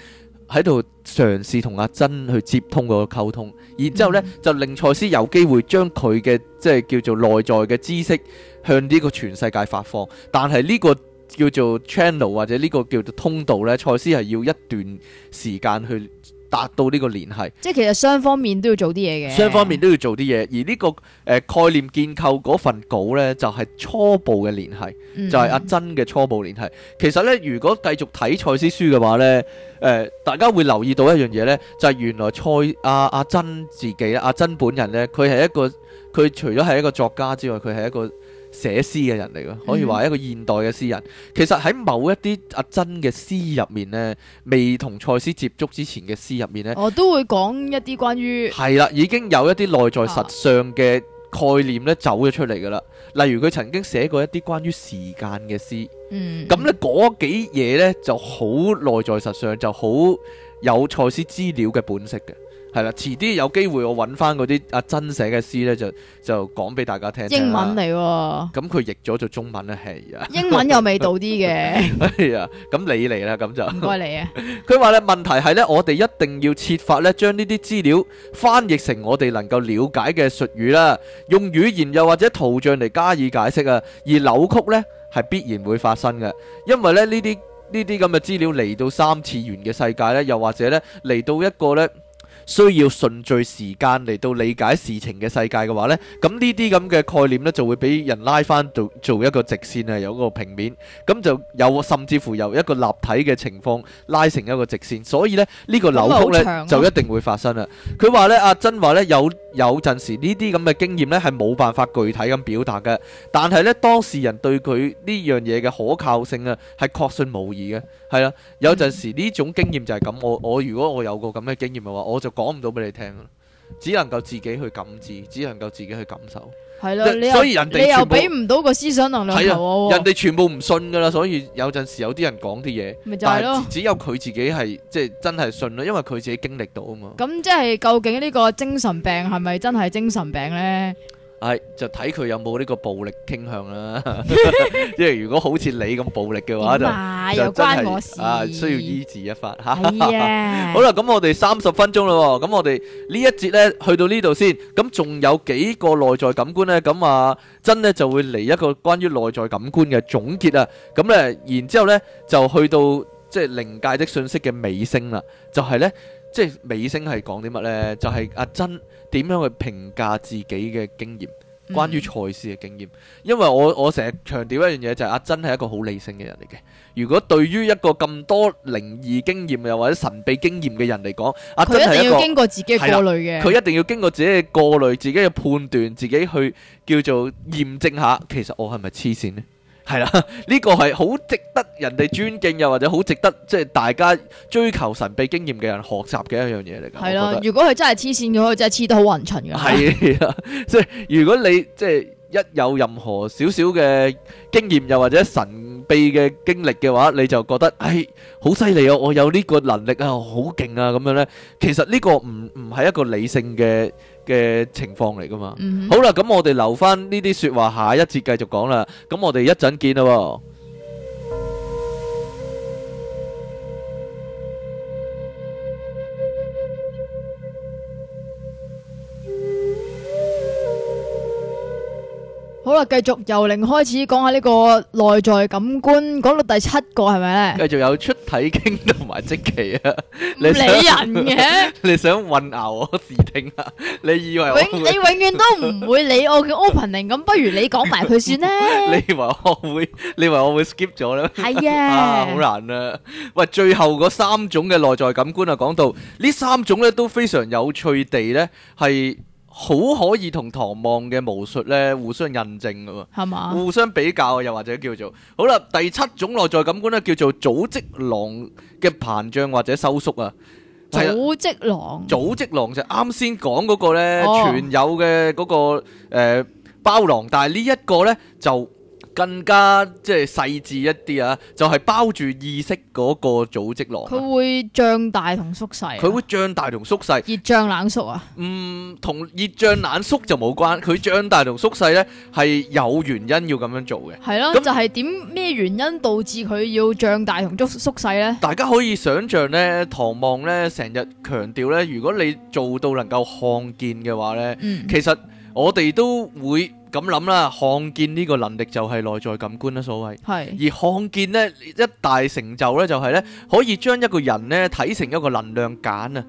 喺度嘗試同阿珍去接通個溝通，然之後呢，嗯、就令賽斯有機會將佢嘅即係叫做內在嘅知識向呢個全世界發放，但係呢個叫做 channel 或者呢個叫做通道呢，賽斯係要一段時間去。達到呢個聯繫，
即係其實雙方面都要做啲嘢嘅。雙方面
都要做啲嘢，而呢、這個誒、呃、概念建構嗰份稿呢，就係、是、初步嘅聯繫，嗯、就係阿珍嘅初步聯繫。其實呢，如果繼續睇賽斯書嘅話呢，誒、呃、大家會留意到一樣嘢呢，就係、是、原來蔡阿阿珍自己阿、啊、珍本人呢，佢係一個佢除咗係一個作家之外，佢係一個。寫詩嘅人嚟嘅，可以話係一個現代嘅詩人。其實喺某一啲阿珍嘅詩入面呢，未同賽斯接觸之前嘅詩入面呢，我
都會講一啲關於，
係啦，已經有一啲內在實相嘅概念呢，走咗出嚟㗎啦。例如佢曾經寫過一啲關於時間嘅詩，咁、嗯、呢嗰幾嘢呢，就好內在實相，就好有賽斯資料嘅本色嘅。係啦，遲啲有機會我揾翻嗰啲阿珍寫嘅詩咧，就就講俾大家聽。英文嚟，咁佢譯咗做中文咧，係啊，英文又味道啲嘅。係啊，咁你嚟啦，咁就唔該你啊。佢話咧，問題係咧，我哋一定要設法咧，將呢啲資料翻譯成我哋能夠了解嘅術語啦，用語言又或者圖像嚟加以解釋啊。而扭曲咧係必然會發生嘅，因為咧呢啲呢啲咁嘅資料嚟到三次元嘅世界咧，又或者咧嚟到一個咧。需要順序時間嚟到理解事情嘅世界嘅話咧，咁呢啲咁嘅概念咧就會俾人拉翻做做一個直線啊，有個平面，咁就有甚至乎有一個立體嘅情況拉成一個直線，所以咧呢個扭曲咧就一定會發生啦。佢話咧阿珍話咧有有陣時呢啲咁嘅經驗咧係冇辦法具體咁表達嘅，但係咧當事人對佢呢樣嘢嘅可靠性啊係確信無疑嘅，係啊，有陣時呢種經驗就係咁，我我如果我有個咁嘅經驗嘅話，我就。講唔到俾你聽咯，只能夠自己去感知，只能夠自己去感受。係咯，所以人哋你又俾
唔到個思想能量人哋
全部唔信噶啦。所以有陣時有啲人講啲嘢，咪就係只，只有佢自己係即係真係信咯，因為佢自己經歷到啊嘛。
咁即係究竟呢個精神病係咪真係精神病呢？
係、哎、就睇佢有冇呢個暴力傾向啦，即 為如果好似你咁暴力嘅話，啊、就就關我事啊，需要醫治一發嚇。 的 好啦，咁我哋三十分鐘啦，咁我哋呢一節呢，去到呢度先，咁仲有幾個內在感官呢，咁啊，真呢就會嚟一個關於內在感官嘅總結啊。咁咧，然之後呢，就去到即係、就是、靈界的訊息嘅尾聲啦，就係、是、呢。即係尾聲係講啲乜呢？就係、是、阿珍點樣去評價自己嘅經驗，關於賽斯嘅經驗。嗯、因為我我成日強調一樣嘢，就係阿珍係一個好理性嘅人嚟嘅。如果對於一個咁多靈異經驗又或者神秘經驗嘅人嚟講，阿佢一,一定要經過自己過濾嘅，佢一定要經過自己嘅過濾、自己嘅判斷、自己去叫做驗證下，其實我係咪黐線呢？係啦，呢、啊，這個係好值得人哋尊敬又或者好值得即係大家追求神秘經驗嘅人學習嘅一樣嘢嚟噶。係咯、啊，如
果佢真係黐線嘅，佢真係黐得好均勻噶。係 啊,即
係如果你即係一有任何少少嘅經驗又或者神秘嘅經歷嘅話,你就覺得唉、哎、好犀利啊！我有呢個能力啊，好勁啊咁樣呢，其實呢個唔唔係一個理性嘅。嘅情況嚟㗎嘛？Mm hmm. 好啦，咁我哋留返呢啲説話，下一節繼續講啦。咁我哋一陣見啦。
好啦，繼續由零開始講下呢個內在感官，講到第七個係咪咧？
繼續有出體傾同埋積奇啊！你唔理人嘅，你想混淆我視聽啊？你以為永你永遠都唔
會理我嘅 opening，咁不如你講埋佢算咧？
你以為我會，你以為我會 skip 咗咧？係啊，啊好難啊！喂，最後嗰三種嘅內在感官啊，講到呢三種咧都非常有趣地咧係。好可以同唐望嘅巫術咧互相印證噶喎，係嘛？互相比較啊，又或者叫做好啦，第七種內在感官咧叫做組織囊嘅膨脹或者收縮啊。組織囊，組織囊就啱先講嗰個咧，全有嘅嗰個誒包囊，但係呢一個咧就。更加即係細緻一啲啊！就係包住意識嗰個組織落。佢
會脹大同縮細。佢
會脹大同縮細。熱脹冷縮啊？嗯，同熱脹冷縮就冇關。佢脹大同縮細呢，係有原因要咁樣做嘅。
係咯。咁就係點咩原因導致佢要脹大同縮縮細呢？大家
可以想象呢，唐望呢成日強調呢，如果你做到能夠看見嘅話呢，其實我哋都會。咁諗啦，看見呢個能力就係內在感官啦，所謂。係。而看見咧一大成就咧，就係咧可以將一個人咧睇成一個能量繭啊，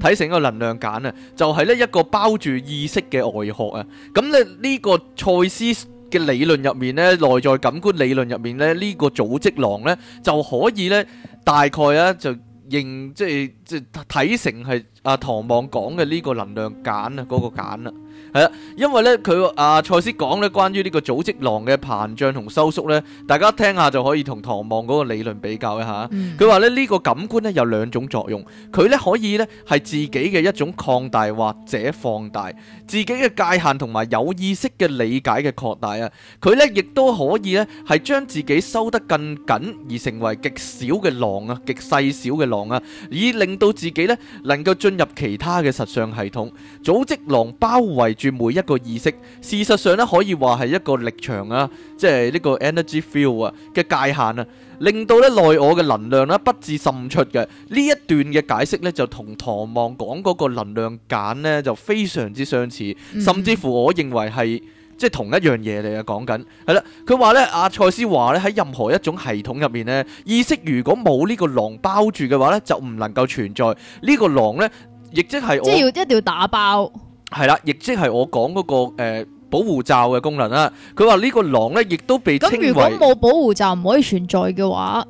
睇成一個能量繭啊，就係咧一個包住意識嘅外殼啊。咁咧呢個賽斯嘅理論入面咧，內在感官理論入面咧，呢個組織囊咧就可以咧大概啊就認即係即係睇成係阿唐望講嘅呢個能量繭啊，嗰個繭啦。係啊，因為咧佢阿賽斯講咧關於呢個組織浪嘅膨脹同收縮咧，大家聽下就可以同唐望嗰個理論比較一下。佢話咧呢個感官咧有兩種作用，佢咧可以咧係自己嘅一種擴大或者放大自己嘅界限同埋有意識嘅理解嘅擴大啊。佢咧亦都可以咧係將自己收得更緊而成為極小嘅浪啊，極細小嘅浪啊，以令到自己咧能夠進入其他嘅實相系統。組織浪包圍住。住每一個意識，事實上咧可以話係一個力場啊，即係呢個 energy field 啊嘅界限啊，令到咧內我嘅能量咧不至滲出嘅。呢一段嘅解釋咧就同唐望講嗰個能量簡咧就非常之相似，甚至乎我認為係即係同一樣嘢嚟嘅。講緊係啦，佢話咧阿賽斯話咧喺任何一種系統入面咧，意識如果冇呢個囊包住嘅話咧，就唔能夠存在。呢個囊咧亦即係即係要一
定要打包。
係啦，亦即係我講嗰個誒保護罩嘅功能啦。佢話呢個狼咧，亦都被稱為。咁如果冇
保護罩唔可以存在嘅話，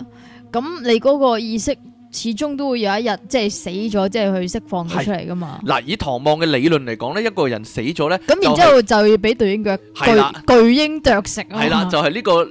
咁你嗰個意識始終都會有一日即係死咗，即係去釋放咗出嚟噶嘛。
嗱，以唐望嘅理論嚟講咧，一個人死咗咧，咁然之後
就要俾巨鷹食。係啦，巨鷹啄食。係啦，
就係呢個誒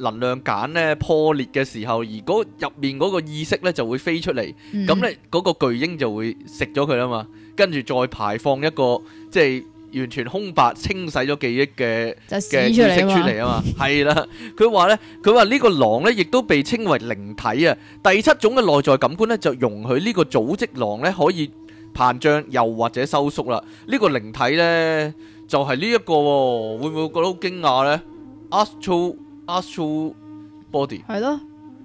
能量繭咧破裂嘅時候，而嗰入面嗰個意識咧就會飛出嚟，咁咧嗰個巨鷹就會食咗佢啦嘛。跟住再排放一個，即係完全空白、清洗咗記憶嘅嘅知識出嚟啊嘛，係啦。 佢話咧，佢話呢個狼咧，亦都被稱為靈體啊。第七種嘅內在感官咧，就容許呢個組織狼咧可以膨脹又或者收縮啦。這個、靈呢個靈體咧，就係呢一個喎、哦。會唔會覺得好驚訝咧？Astral Astral body 係咯。
星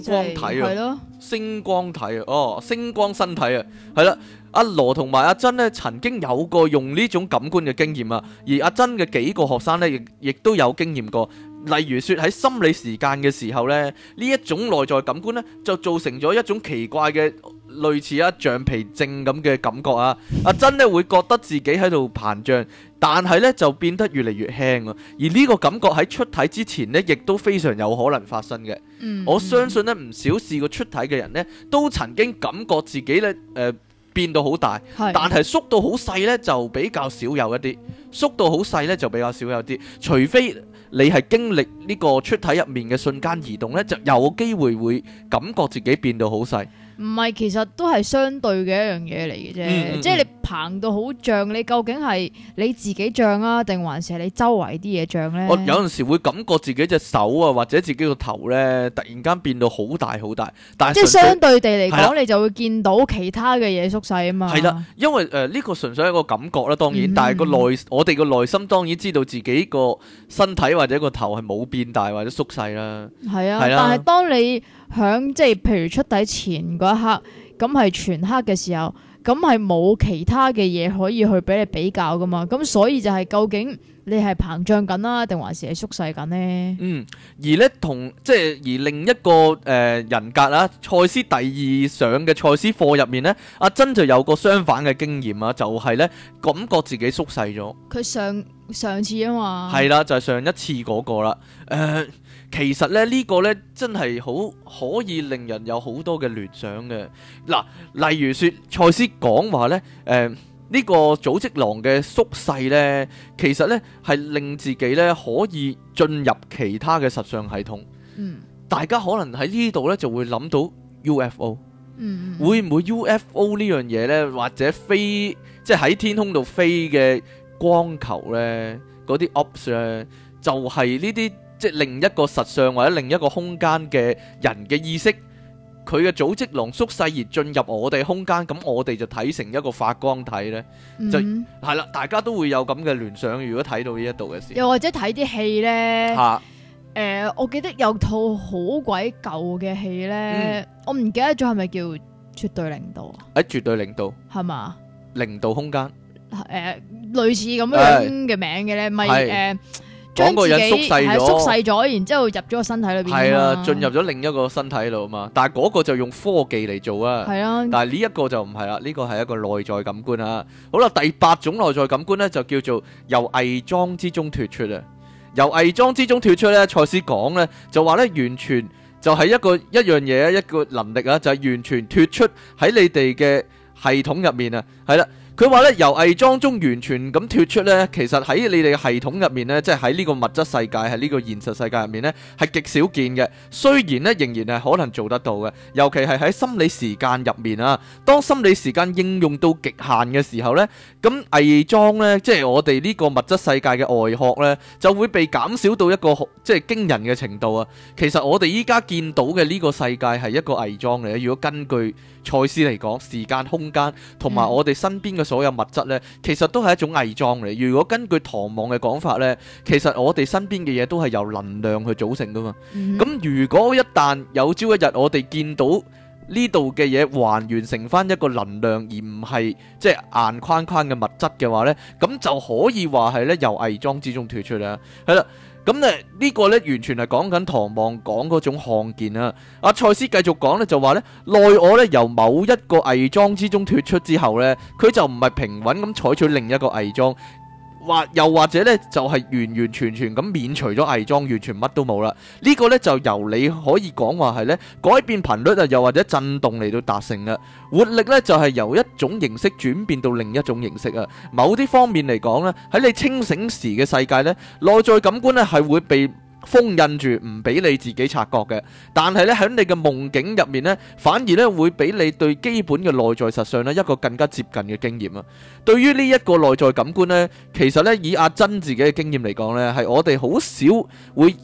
光體啊，
星光體啊，星光體哦，星光身體啊，係啦，阿羅同埋阿珍呢，曾經有過用呢種感官嘅經驗啊，而阿珍嘅幾個學生呢，亦亦都有經驗過，例如說喺心理時間嘅時候呢，呢一種內在感官呢，就造成咗一種奇怪嘅。類似一、啊、橡皮症咁嘅感覺啊！啊，真係會覺得自己喺度膨脹，但係呢就變得越嚟越輕咯。而呢個感覺喺出體之前呢，亦都非常有可能發生嘅。Mm hmm. 我相信呢，唔少試過出體嘅人呢，都曾經感覺自己呢誒、呃、變到好大，但係縮到好細呢，就比較少有一啲，縮到好細呢，就比較少有啲。除非你係經歷呢個出體入面嘅瞬間移動呢，就有機會會感覺自己變到好細。
唔係，其實都係相對嘅一樣嘢嚟嘅啫。嗯嗯、即係你膨到好脹，你究竟係你自己脹啊，定還是係你周圍啲嘢脹呢？我有陣
時會感覺自己隻手啊，或者自己個頭呢，突然間變到好大好大。但即係相對地嚟講，是的
你就會見到其他嘅嘢縮細啊嘛。係啦，
因為誒呢、呃這個純粹係一個感覺啦，當然。嗯、哼 但係個內我哋個內心當然知道自己個身體或者個頭係冇變大或者縮細啦。係啊，係啦。但係
當你響即係譬如出底前嗰一刻，咁係全黑嘅時候，咁係冇其他嘅嘢可以去俾你比較㗎嘛。咁所以就係究竟你係膨脹緊啦、啊，定還是係縮細緊呢？嗯，
而呢同即係而另一個誒、呃、人格啦、啊，賽斯第二上嘅賽斯課入面呢，阿、啊、珍就有個相反嘅經驗啊，就係、是、呢感覺自己縮細咗。
佢上上次啊嘛。係
啦，就係、是、上一次嗰個啦，誒、呃。其實咧呢個咧真係好可以令人有好多嘅聯想嘅。嗱，例如説賽斯講話咧，誒，呢個組織狼嘅縮細咧，其實咧係令自己咧可以進入其他嘅實相系統。嗯，大家可能喺呢度咧就會諗到 UFO。嗯，會唔會 UFO 呢樣嘢咧，或者飛即係喺天空度飛嘅光球咧，嗰啲 ops 咧，就係呢啲？即係另一個實相或者另一個空間嘅人嘅意識，佢嘅組織濃縮細而進入我哋空間，咁我哋就睇成一個發光體咧，就係啦，大家都會有咁嘅聯想。如果睇到呢一度嘅事，又或
者睇啲戲咧，誒，我記得有套好鬼舊嘅戲咧，我唔記得咗係咪叫絕對零度啊？
誒，絕對零度係嘛？零度空間，
誒，類似咁樣嘅名嘅咧，咪誒。
將個人縮細咗，縮細
咗，然之後入咗個身體裏邊啦。係啊，
進入咗另一個身體度啊嘛。但係嗰個就用科技嚟做啊。係啊。但係呢一個就唔係啦，呢個係一個內在感官啊。好啦，第八種內在感官咧就叫做由偽裝之中脫出啊。由偽裝之中脫出咧，賽斯講咧就話咧完全就係一個一樣嘢啊，一個能力啊，就係完全脫出喺你哋嘅系統入面啊。係啦。佢話咧，由偽裝中完全咁脱出呢，其實喺你哋嘅系統入面呢，即係喺呢個物質世界，喺呢個現實世界入面呢，係極少見嘅。雖然呢，仍然係可能做得到嘅，尤其係喺心理時間入面啊。當心理時間應用到極限嘅時候呢，咁偽裝呢，即係我哋呢個物質世界嘅外殼呢，就會被減少到一個即係驚人嘅程度啊！其實我哋依家見到嘅呢個世界係一個偽裝嚟嘅，如果根據。賽斯嚟講，時間、空間同埋我哋身邊嘅所有物質呢，其實都係一種偽裝嚟。如果根據唐望嘅講法呢，其實我哋身邊嘅嘢都係由能量去組成噶嘛。咁、mm hmm. 如果一旦有朝一日我哋見到呢度嘅嘢還原成翻一個能量，而唔係即係硬框框嘅物質嘅話呢，咁就可以話係咧由偽裝之中脱出嚟。係啦。咁咧，呢個咧完全係講緊唐望講嗰種看見啊。阿賽斯繼續講咧，就話咧，內我咧由某一個偽裝之中脱出之後呢，佢就唔係平穩咁採取另一個偽裝。或又或者咧，就係完完全全咁免除咗偽裝，完全乜都冇啦。呢、這個呢，就由你可以講話係呢改變頻率啊，又或者震動嚟到達成啊。活力呢，就係由一種形式轉變到另一種形式啊。某啲方面嚟講呢，喺你清醒時嘅世界呢，內在感官呢係會被。封印住唔俾你自己察覺嘅，但係咧喺你嘅夢境入面咧，反而咧會俾你對基本嘅內在實相咧一個更加接近嘅經驗啊！對於呢一個內在感官咧，其實咧以阿珍自己嘅經驗嚟講咧，係我哋好少會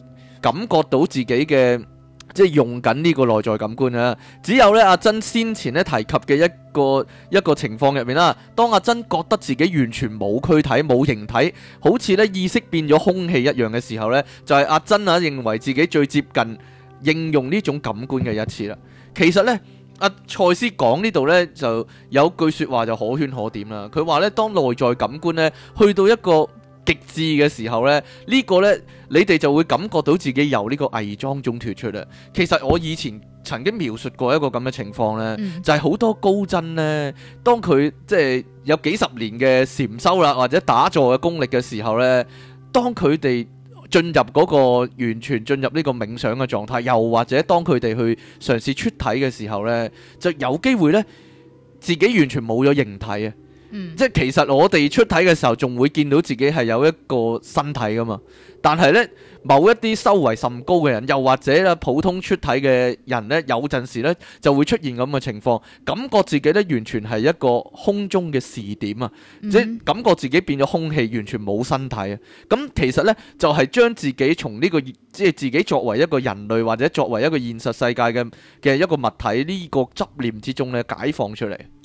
感覺到自己嘅。即係用緊呢個內在感官啦，只有咧阿珍先前咧提及嘅一個一個情況入面啦，當阿珍覺得自己完全冇軀體冇形體，好似咧意識變咗空氣一樣嘅時候咧，就係、是、阿珍啊認為自己最接近應用呢種感官嘅一次啦。其實咧阿賽斯講呢度咧就有句說話就可圈可點啦，佢話咧當內在感官咧去到一個。極致嘅時候呢，呢、呢個呢，你哋就會感覺到自己由呢個偽裝中脱出啦。其實我以前曾經描述過一個咁嘅情況呢，嗯、就係好多高僧呢，當佢即係有幾十年嘅禪修啦，或者打坐嘅功力嘅時候呢，當佢哋進入嗰個完全進入呢個冥想嘅狀態，又或者當佢哋去嘗試出體嘅時候呢，就有機會呢，自己完全冇咗形體啊！即係其實我哋出體嘅時候，仲會見到自己係有一個身體噶嘛。但係呢，某一啲修為甚高嘅人，又或者咧普通出體嘅人呢，有陣時呢就會出現咁嘅情況，感覺自己呢完全係一個空中嘅視點啊，mm hmm. 即係感覺自己變咗空氣，完全冇身體啊。咁其實呢，就係將自己從呢個即係自己作為一個人類或者作為一個現實世界嘅嘅一個物體呢個執念之中呢解放出嚟。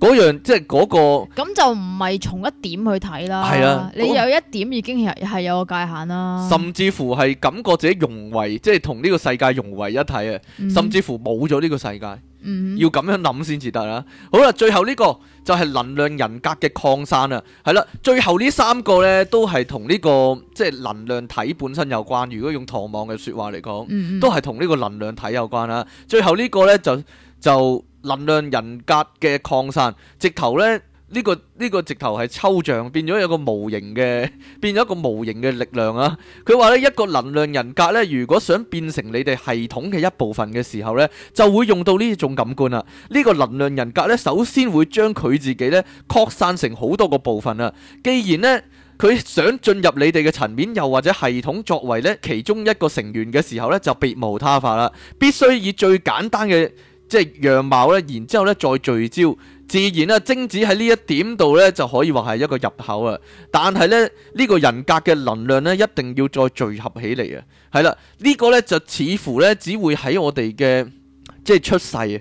嗰樣即係嗰個，
咁就唔係從一點去睇啦。係啊，你有一點已經係有，我有個界限啦。
甚至乎係感覺自己融為即係同呢個世界融為一體啊，嗯、哼甚至乎冇咗呢個世界。嗯、哼要咁樣諗先至得啦。好啦，最後呢個就係能量人格嘅擴散啊。係啦，最後呢三個呢都係同呢個即係能量體本身有關。如果用唐望嘅說話嚟講，嗯、哼都係同呢個能量體有關啦。最後呢個呢就就。就就就就就就就就能量人格嘅擴散，直頭咧呢、這個呢、這個直頭係抽象，變咗有個無形嘅，變咗一個無形嘅力量啊！佢話咧一個能量人格咧，如果想變成你哋系統嘅一部分嘅時候咧，就會用到呢種感官啦。呢、這個能量人格咧，首先會將佢自己咧擴散成好多個部分啊。既然咧佢想進入你哋嘅層面，又或者系統作為咧其中一個成員嘅時候咧，就別無他法啦，必須以最簡單嘅。即係樣貌咧，然之後咧再聚焦，自然咧、啊、精子喺呢一點度咧就可以話係一個入口啊。但係咧呢、呢個人格嘅能量咧，一定要再聚合起嚟啊。係啦，呢個、呢個咧就似乎咧只會喺我哋嘅即係出世，啊，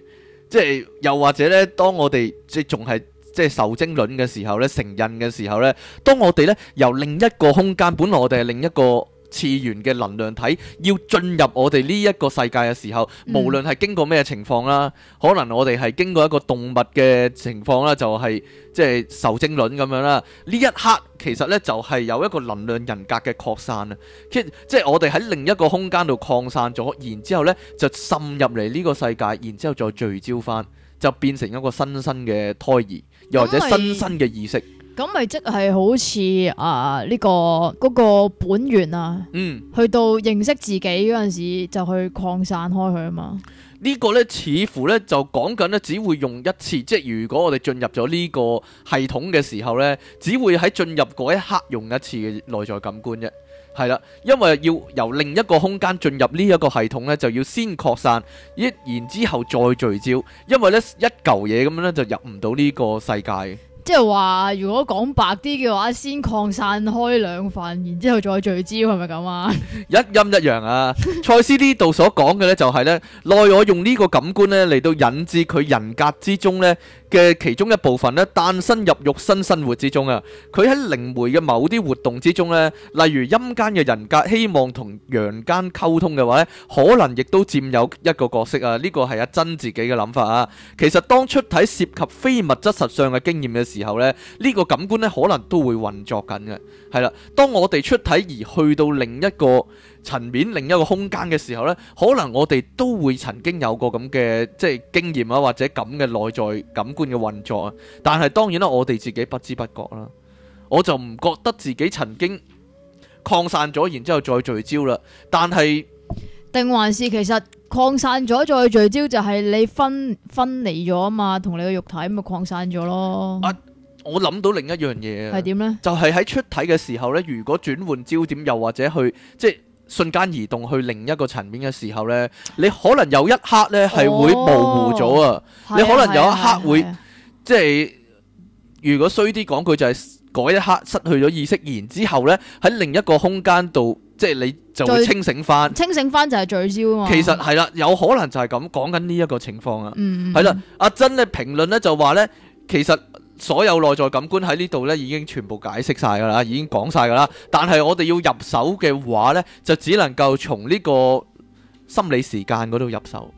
即係又或者咧當我哋即係仲係即係受精卵嘅時候咧，成孕嘅時候咧，當我哋咧由另一個空間，本來我哋係另一個。次元嘅能量體要進入我哋呢一個世界嘅時候，無論係經過咩情況啦，嗯、可能我哋係經過一個動物嘅情況啦，就係即係受精卵咁樣啦。呢一刻其實呢，就係有一個能量人格嘅擴散啊，即係我哋喺另一個空間度擴散咗，然之後呢就滲入嚟呢個世界，然之後再聚焦返，就變成一個新生嘅胎兒，又或者新生嘅意識。
咁咪即係好似啊呢個嗰個本源啊，嗯，去到認識自己嗰陣時就去擴散開去啊嘛？
呢個呢，似乎呢，就講緊呢，只會用一次，即係如果我哋進入咗呢個系統嘅時候呢，只會喺進入嗰一刻用一次嘅內在感官啫。係啦，因為要由另一個空間進入呢一個系統呢，就要先擴散，然之後再聚焦。因為呢，一嚿嘢咁樣呢，就入唔到呢個世界。
即係話，如果講白啲嘅話，先擴散開兩份，然之後再聚焦，係咪咁啊？
一陰一陽啊！賽斯呢度所講嘅咧，就係咧，奈我用呢個感官咧，嚟到引致佢人格之中咧嘅其中一部分咧誕生入肉身生活之中啊！佢喺靈媒嘅某啲活動之中咧，例如陰間嘅人格希望同陽間溝通嘅話咧，可能亦都佔有一個角色啊！呢個係阿珍自己嘅諗法啊！其實當出體涉及非物質實相嘅經驗嘅時候。時候咧，呢個感官呢，可能都會運作緊嘅，係啦。當我哋出體而去到另一個層面，另一個空間嘅時候呢，可能我哋都會曾經有過咁嘅即係經驗啊，或者咁嘅內在感官嘅運作啊。但係當然啦，我哋自己不知不覺啦，我就唔覺得自己曾經擴散咗，然之後再聚焦啦。但係。
定還是其實擴散咗再聚焦，就係你分分離咗啊嘛，同你個肉體咪擴散咗咯。啊，
我諗到另一樣嘢，係點呢？就係喺出體嘅時候呢，如果轉換焦點，又或者去即係瞬間移動去另一個層面嘅時候呢，你可能有一刻呢係會模糊咗啊！哦、你可能有一刻會即係，如果衰啲講句就係。會嗰一刻失去咗意識，然之後呢喺另一個空間度，即係你就會清醒翻，清
醒翻就係聚焦啊嘛。其
實係啦，有可能就係咁講緊呢一個情況啊。係啦，阿珍嘅評論呢就話呢，其實所有內在感官喺呢度呢已經全部解釋晒㗎啦，已經講晒㗎啦。但係我哋要入手嘅話呢，就只能夠從呢個心理時間嗰度入手。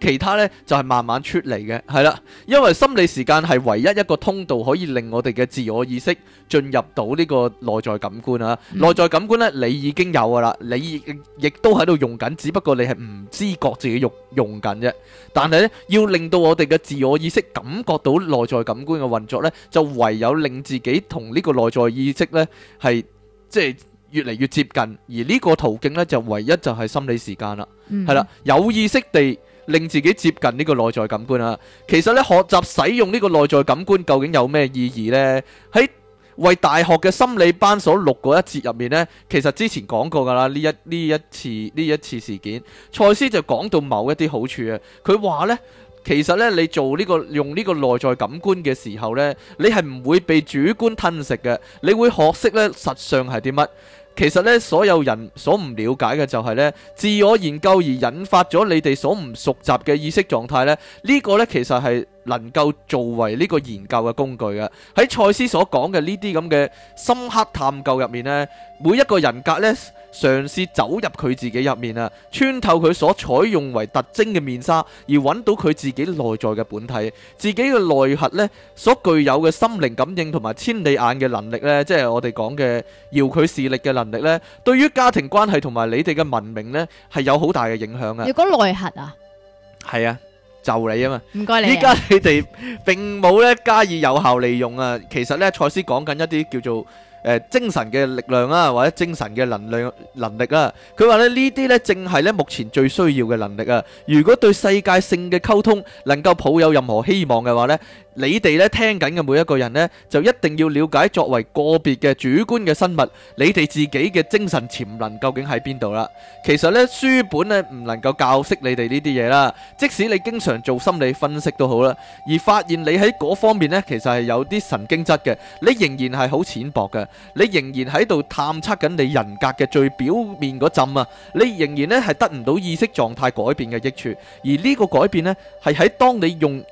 其他咧就係慢慢出嚟嘅，係啦，因為心理時間係唯一一個通道，可以令我哋嘅自我意識進入到呢個內在感官啊。內在感官咧，你已經有噶啦，你亦都喺度用緊，只不過你係唔知覺自己用用緊啫。但係咧，要令到我哋嘅自我意識感覺到內在感官嘅運作咧，就唯有令自己同呢個內在意識咧係即係越嚟越接近。而呢個途徑咧就唯一就係心理時間啦，係啦，有意識地。令自己接近呢個內在感官啊！其實咧，學習使用呢個內在感官究竟有咩意義呢？喺為大學嘅心理班所錄嗰一節入面呢，其實之前講過㗎啦。呢一呢一次呢一次事件，賽斯就講到某一啲好處啊。佢話呢，其實咧你做呢個用呢個內在感官嘅時候呢，你係唔會被主觀吞食嘅，你會學識呢實相係點乜？其實咧，所有人所唔了解嘅就係咧，自我研究而引發咗你哋所唔熟習嘅意識狀態咧，呢、呢個呢，其實係能夠作為呢個研究嘅工具嘅。喺賽斯所講嘅呢啲咁嘅深刻探究入面，呢每一個人格呢，嘗試走入佢自己入面啦，穿透佢所採用為特徵嘅面紗，而揾到佢自己內在嘅本體，自己嘅內核呢，所具有嘅心靈感應同埋千里眼嘅能力呢，即係我哋講嘅遙距視力嘅能力呢，對於家庭關係同埋你哋嘅文明呢，係有好大嘅影響嘅。你
講內核啊？
係啊，就你啊嘛。唔該你。依家你哋並冇呢加以有效利用啊。其實呢，賽斯講緊一啲叫做。誒，精神嘅力量啊，或者精神嘅能量能力啊，佢話咧呢啲呢，正係呢目前最需要嘅能力啊！如果對世界性嘅溝通能夠抱有任何希望嘅話呢，你哋呢聽緊嘅每一個人呢，就一定要了解作為個別嘅主觀嘅生物，你哋自己嘅精神潛能究竟喺邊度啦？其實呢書本呢唔能夠教識你哋呢啲嘢啦，即使你經常做心理分析都好啦，而發現你喺嗰方面呢，其實係有啲神經質嘅，你仍然係好淺薄嘅。你仍然喺度探測緊你人格嘅最表面嗰浸啊！你仍然呢係得唔到意識狀態改變嘅益處，而呢個改變呢，係喺當你用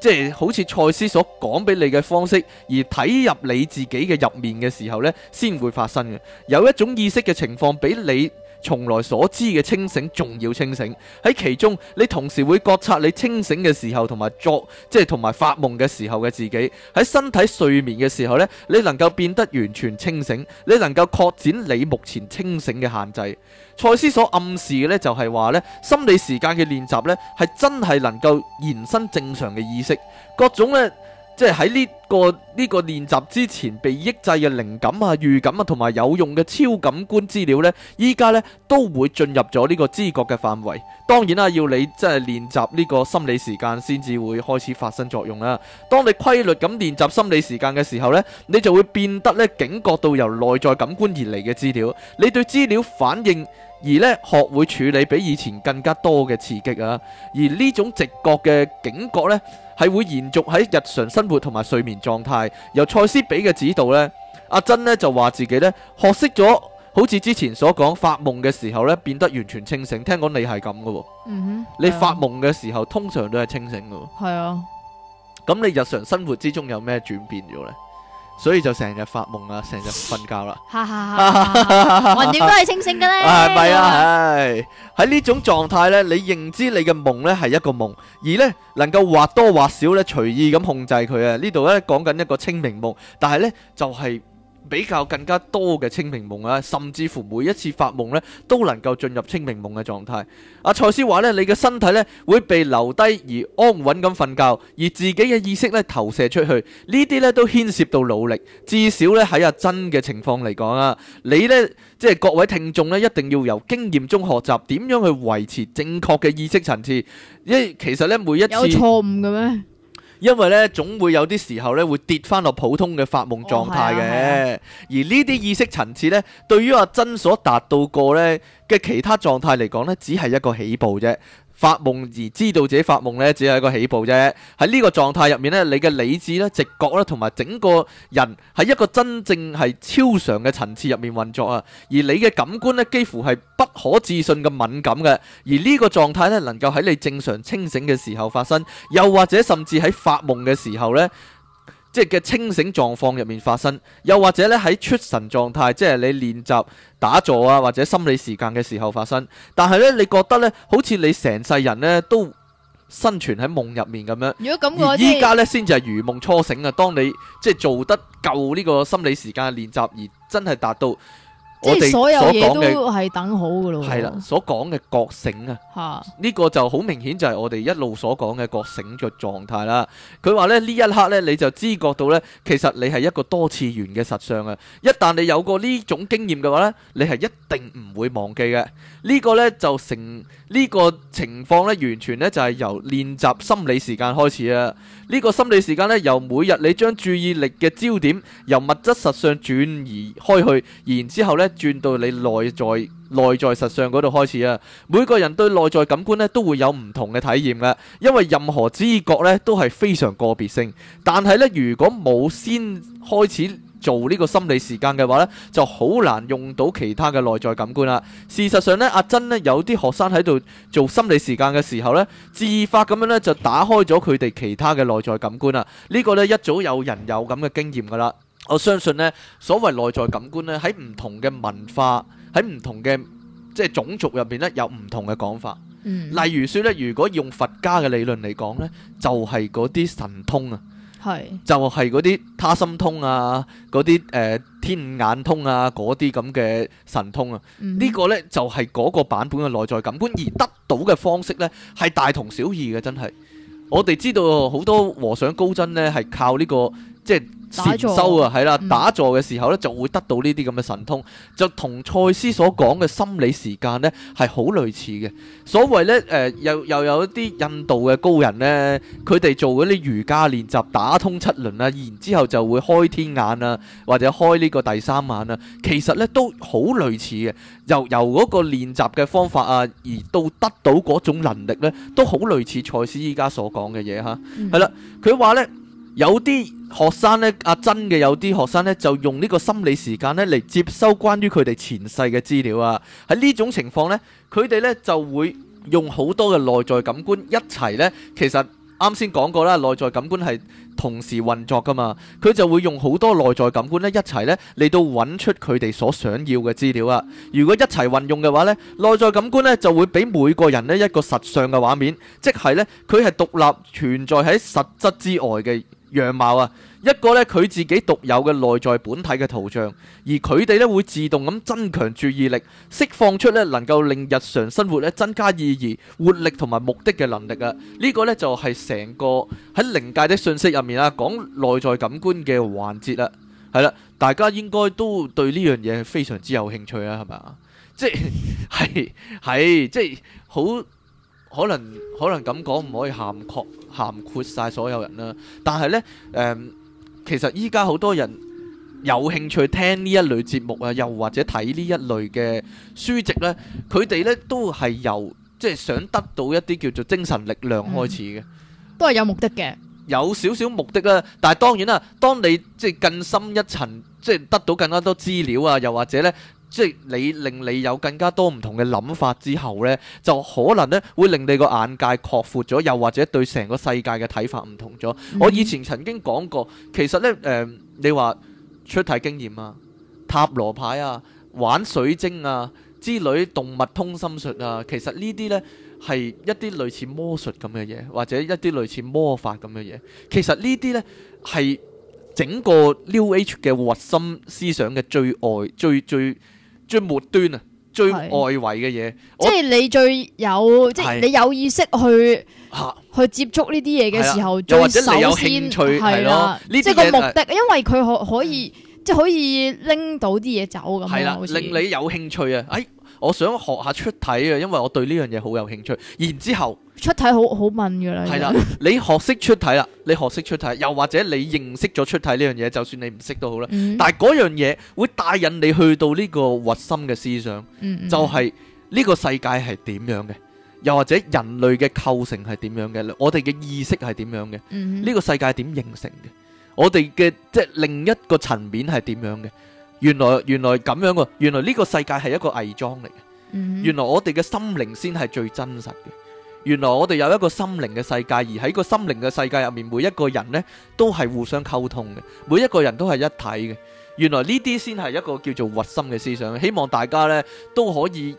即係好似賽斯所講俾你嘅方式而睇入你自己嘅入面嘅時候呢，先會發生嘅。有一種意識嘅情況俾你，從來所知嘅清、清醒，仲要清醒喺其中。你同時會覺察你清醒嘅時候，同埋作即係同埋發夢嘅時候嘅自己。喺身體睡眠嘅時候呢，你能夠變得完全清醒，你能夠擴展你目前清醒嘅限制。賽斯所暗示嘅呢，就係話呢心理時間嘅練習呢，係真係能夠延伸正常嘅意識，各種呢。即係喺呢個呢個練習之前被抑制嘅靈感啊、預感啊，同埋有用嘅超感官資料呢，依家呢都會進入咗呢個知覺嘅範圍。當然啦、啊，要你即係練習呢個心理時間先至會開始發生作用啦。當你規律咁練習心理時間嘅時候呢，你就會變得呢警覺到由內在感官而嚟嘅資料，你對資料反應而呢學會處理比以前更加多嘅刺激啊。而呢種直覺嘅警覺呢。係會延續喺日常生活同埋睡眠狀態，由賽斯俾嘅指導呢，阿珍呢就話自己呢，學識咗，好似之前所講發夢嘅時候呢，變得完全清醒。聽講你係咁噶喎，嗯、哼你發夢嘅時候、嗯、哼通常都係清醒噶。係啊、嗯哼，咁你日常生活之中有咩轉變咗呢？所以就成日發夢 啊，成日瞓覺啦。
云點都係清醒嘅咧。係
咪啊？喺呢種狀態咧，你認知你嘅夢咧係一個夢，而咧能夠或多或少咧隨意咁控制佢啊。呢度咧講緊一個清明夢，但係咧就係、係。比較更加多嘅清明夢啊，甚至乎每一次發夢呢，都能夠進入清明夢嘅狀態。阿賽斯話呢，你嘅身體呢，會被留低而安穩咁瞓覺，而自己嘅意識呢，投射出去，呢啲呢都牽涉到努力。至少呢，喺阿珍嘅情況嚟講啊，你呢，即係各位聽眾呢，一定要由經驗中學習點樣去維持正確嘅意識層次。因為其實呢，每一次有錯誤嘅咩？因為咧，總會有啲時候咧，會跌翻落普通嘅發夢狀態嘅。而呢啲意識層次咧，對於阿珍所達到過咧嘅其他狀態嚟講咧，只係一個起步啫。發夢而知道自己發夢咧，只係一個起步啫。喺呢個狀態入面咧，你嘅理智咧、直覺咧，同埋整個人喺一個真正係超常嘅層次入面運作啊。而你嘅感官咧，幾乎係不可置信咁敏感嘅。而呢個狀態咧，能夠喺你正常清醒嘅時候發生，又或者甚至喺發夢嘅時候咧。即嘅清醒狀況入面發生，又或者咧喺出神狀態，即係你練習打坐啊，或者心理時間嘅時候發生。但係呢，你覺得呢，好似你成世人呢都生存喺夢入面咁樣。如果咁，我依家呢先至係如夢初醒啊！當你即係做得夠呢個心理時間嘅練習，而真係達到。即係所有嘢都
係等好嘅咯，係啦了，
所講嘅覺醒啊，吓，呢個就好明顯就係我哋一路所講嘅覺醒嘅狀態啦。佢話咧呢一刻咧你就知覺到咧，其實你係一個多次元嘅實相啊！一旦你有過呢種經驗嘅話咧，你係一定唔會忘記嘅。這個、呢個咧就成。呢個情況咧，完全咧就係由練習心理時間開始啊！呢個心理時間咧，由每日你將注意力嘅焦點由物質實相轉移開去，然之後咧轉到你內在內在實相嗰度開始啊！每個人對內在感官咧都會有唔同嘅體驗啦，因為任何知覺咧都係非常個別性。但係咧，如果冇先開始，做呢個心理時間嘅話咧，就好難用到其他嘅內在感官啦。事實上咧，阿珍咧有啲學生喺度做心理時間嘅時候咧，自發咁樣咧就打開咗佢哋其他嘅內在感官啦。呢個咧一早有人有咁嘅經驗噶啦。我相信咧，所謂內在感官咧，喺唔同嘅文化，喺唔同嘅即係種族入邊咧，有唔同嘅講法。嗯。例如説咧，如果用佛家嘅理論嚟講咧，就係嗰啲神通啊。係是就係嗰啲他心通啊，嗰啲誒天眼通啊，嗰啲咁嘅神通啊，呢、mm hmm. 個呢，就係、是、嗰個版本嘅內在感官，而得到嘅方式呢，係大同小異嘅，真係。我哋知道好多和尚高僧呢，係靠呢、這個。即係禪修啊，係啦坐，打坐嘅時候咧，就會得到呢啲咁嘅神通，嗯、就同賽斯所講嘅心理時間咧，係好類似嘅。所謂咧，誒、呃，又又有一啲印度嘅高人咧，佢哋做嗰啲瑜伽練習，打通七輪啊，然之後就會開天眼啊，或者開呢個第三眼啊，其實咧都好類似嘅。由由嗰個練習嘅方法啊，而到得到嗰種能力咧，都好類似賽斯依家所講嘅嘢吓，係啦，佢話咧。嗯有啲學生呢，阿、啊、真嘅有啲學生呢，就用呢個心理時間呢嚟接收關於佢哋前世嘅資料啊。喺呢種情況呢，佢哋呢就會用好多嘅內在感官一齊呢，其實啱先講過啦，內在感官係同時運作㗎嘛。佢就會用好多內在感官呢，一齊呢，嚟到揾出佢哋所想要嘅資料啊。如果一齊運用嘅話呢，內在感官呢，就會畀每個人呢一個實相嘅畫面，即係呢，佢係獨立存在喺實質之外嘅。樣貌啊，一個咧佢自己獨有嘅內在本體嘅圖像，而佢哋咧會自動咁增強注意力，釋放出咧能夠令日常生活咧增加意義、活力同埋目的嘅能力啊！呢個咧就係成個喺靈界的訊息入面啊，講內在感官嘅環節啦，係啦，大家應該都對呢樣嘢非常之有興趣啊，係咪啊？即係係即係好。可能可能咁講唔可以涵括涵括晒所有人啦，但係呢，誒、嗯，其實依家好多人有興趣聽呢一類節目啊，又或者睇呢一類嘅書籍、啊、呢，佢哋呢都係由即係想得到一啲叫做精神力量開始嘅、嗯，
都係有目的嘅，
有少少目的啦。但係當然啦，當你即係更深一層，即係得到更加多資料啊，又或者呢，即係你令你有更加多唔同嘅諗法之後呢，就可能呢會令你個眼界擴闊咗，又或者對成個世界嘅睇法唔同咗。嗯、我以前曾經講過，其實呢，誒、呃，你話出體經驗啊、塔羅牌啊、玩水晶啊之類動物通心術啊，其實呢啲呢係一啲類似魔術咁嘅嘢，或者一啲類似魔法咁嘅嘢。其實呢啲呢係整個 New Age 嘅核心思想嘅最外最最。最.最末端啊，最外圍嘅嘢，
即係你最有，即係你有意識去，去接觸呢啲嘢嘅時候，最首先係咯，即係個目的，因為佢可可以，即係可以拎到啲嘢走咁樣。令你
有興趣啊！誒，我想學下出體啊，因為我對呢樣嘢好有興趣。然之後。
出體好好問
噶啦，係啦，你學識出體啦，你學識出體，又或者你認識咗出體呢樣嘢，就算你唔識都好啦。但係嗰樣嘢會帶引你去到呢個核心嘅思想，就係呢個世界係點樣嘅，又或者人類嘅構成係點樣嘅，我哋嘅意識係點樣嘅，呢個世界點形成嘅，我哋嘅即係另一個層面係點樣嘅？原來原來咁樣噶，原來呢個世界係一個偽裝嚟嘅，原來我哋嘅心靈先係最真實嘅。原來我哋有一個心靈嘅世界，而喺個心靈嘅世界入面，每一個人呢都係互相溝通嘅，每一個人都係一體嘅。原來呢啲先係一個叫做核心嘅思想，希望大家呢都可以。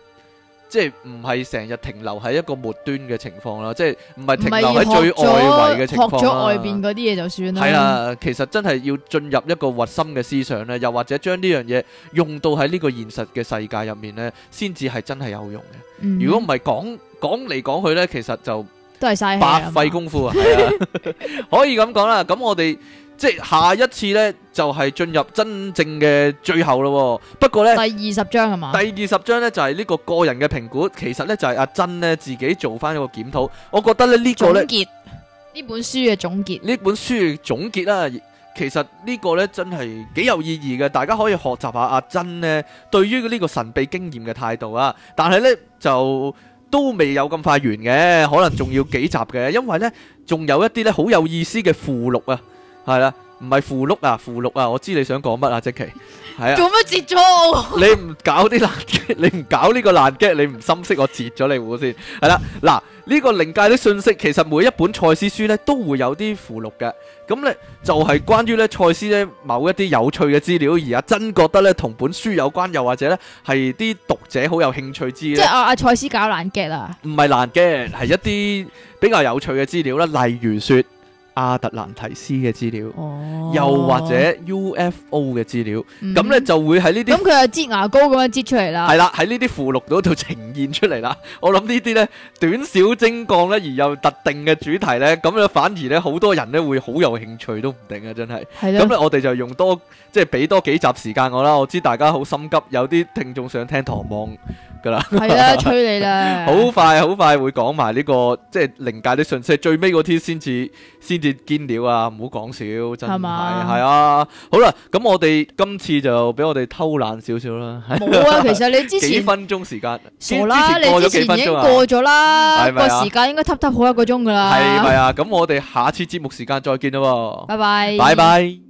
即係唔係成日停留喺一個末端嘅情況啦，即係唔係停留喺最外圍嘅情況啦。學咗外邊嗰
啲嘢就算啦。係啦，
其實真係要進入一個核心嘅思想咧，又或者將呢樣嘢用到喺呢個現實嘅世界入面咧，先至係真係有用嘅。如果唔係講，講嚟講去咧，其實就都係嘥氣，白費功夫啊。係啊，可以咁講啦。咁我哋。即係下一次呢，就係、是、進入真正嘅最後咯、哦。不
過呢，第二十章係嘛？
第二十章呢，就係、是、呢個個人嘅評估。其實呢，就係、是、阿珍呢自己做翻一個檢討。我覺得呢呢、這個呢，總結呢本書嘅總結呢本書嘅總結啦、啊。其實呢個呢真係幾有意義嘅，大家可以學習下阿珍呢對於呢個神秘經驗嘅態度啊。但係呢，就都未有咁快完嘅，可能仲要幾集嘅，因為呢，仲有一啲呢好有意思嘅附錄啊。係啦，唔係附錄啊，附錄啊，啊，我知你想講乜啊，即奇。係啊，做乜
截咗我？你唔
搞啲爛 gag，你唔搞呢個爛 gag，你唔心識我截咗你，好先？係啦、啊，嗱，呢、這個靈界的訊息，其實每一本賽斯書咧都會有啲附錄嘅，咁咧就係、是、關於咧賽斯咧某一啲有趣嘅資料，而阿、啊、珍覺得咧同本書有關，又或者咧係啲讀者好有興趣知嘅。即阿
阿賽斯搞爛 gag 啦？
唔係爛 gag，係一啲比較有趣嘅資料啦，例如說。 阿特蘭提斯嘅資料，哦、又或者 UFO 嘅資料，咁咧、嗯、就會喺呢啲咁
佢就擠牙膏咁樣擠出嚟啦。係啦，
喺呢啲附錄度呈現出嚟啦。我諗呢啲咧短小精幹咧，而又特定嘅主題咧，咁樣反而咧好多人咧會好有興趣都唔定啊！真係。係啦的。咁咧，我哋就用多即係俾多幾集時間我啦。我知大家好心急，有啲聽眾想聽《唐望的》噶啦。係
啦，催你啦！
好 快，好快會講埋呢、呢個即係靈界啲訊息，最尾嗰天先至先至。見料啊，唔好講笑，真係係啊，好啦，咁我哋今次就俾我哋偷懶少少啦。冇啊，其實你之前 幾分鐘時間，傻啦，之啊、你之前已經過咗啦，個、啊、時
間應該耷耷好一個鐘噶啦。係咪啊？
咁、 啊、我哋下次節目時間再見啦，拜拜 bye，拜拜。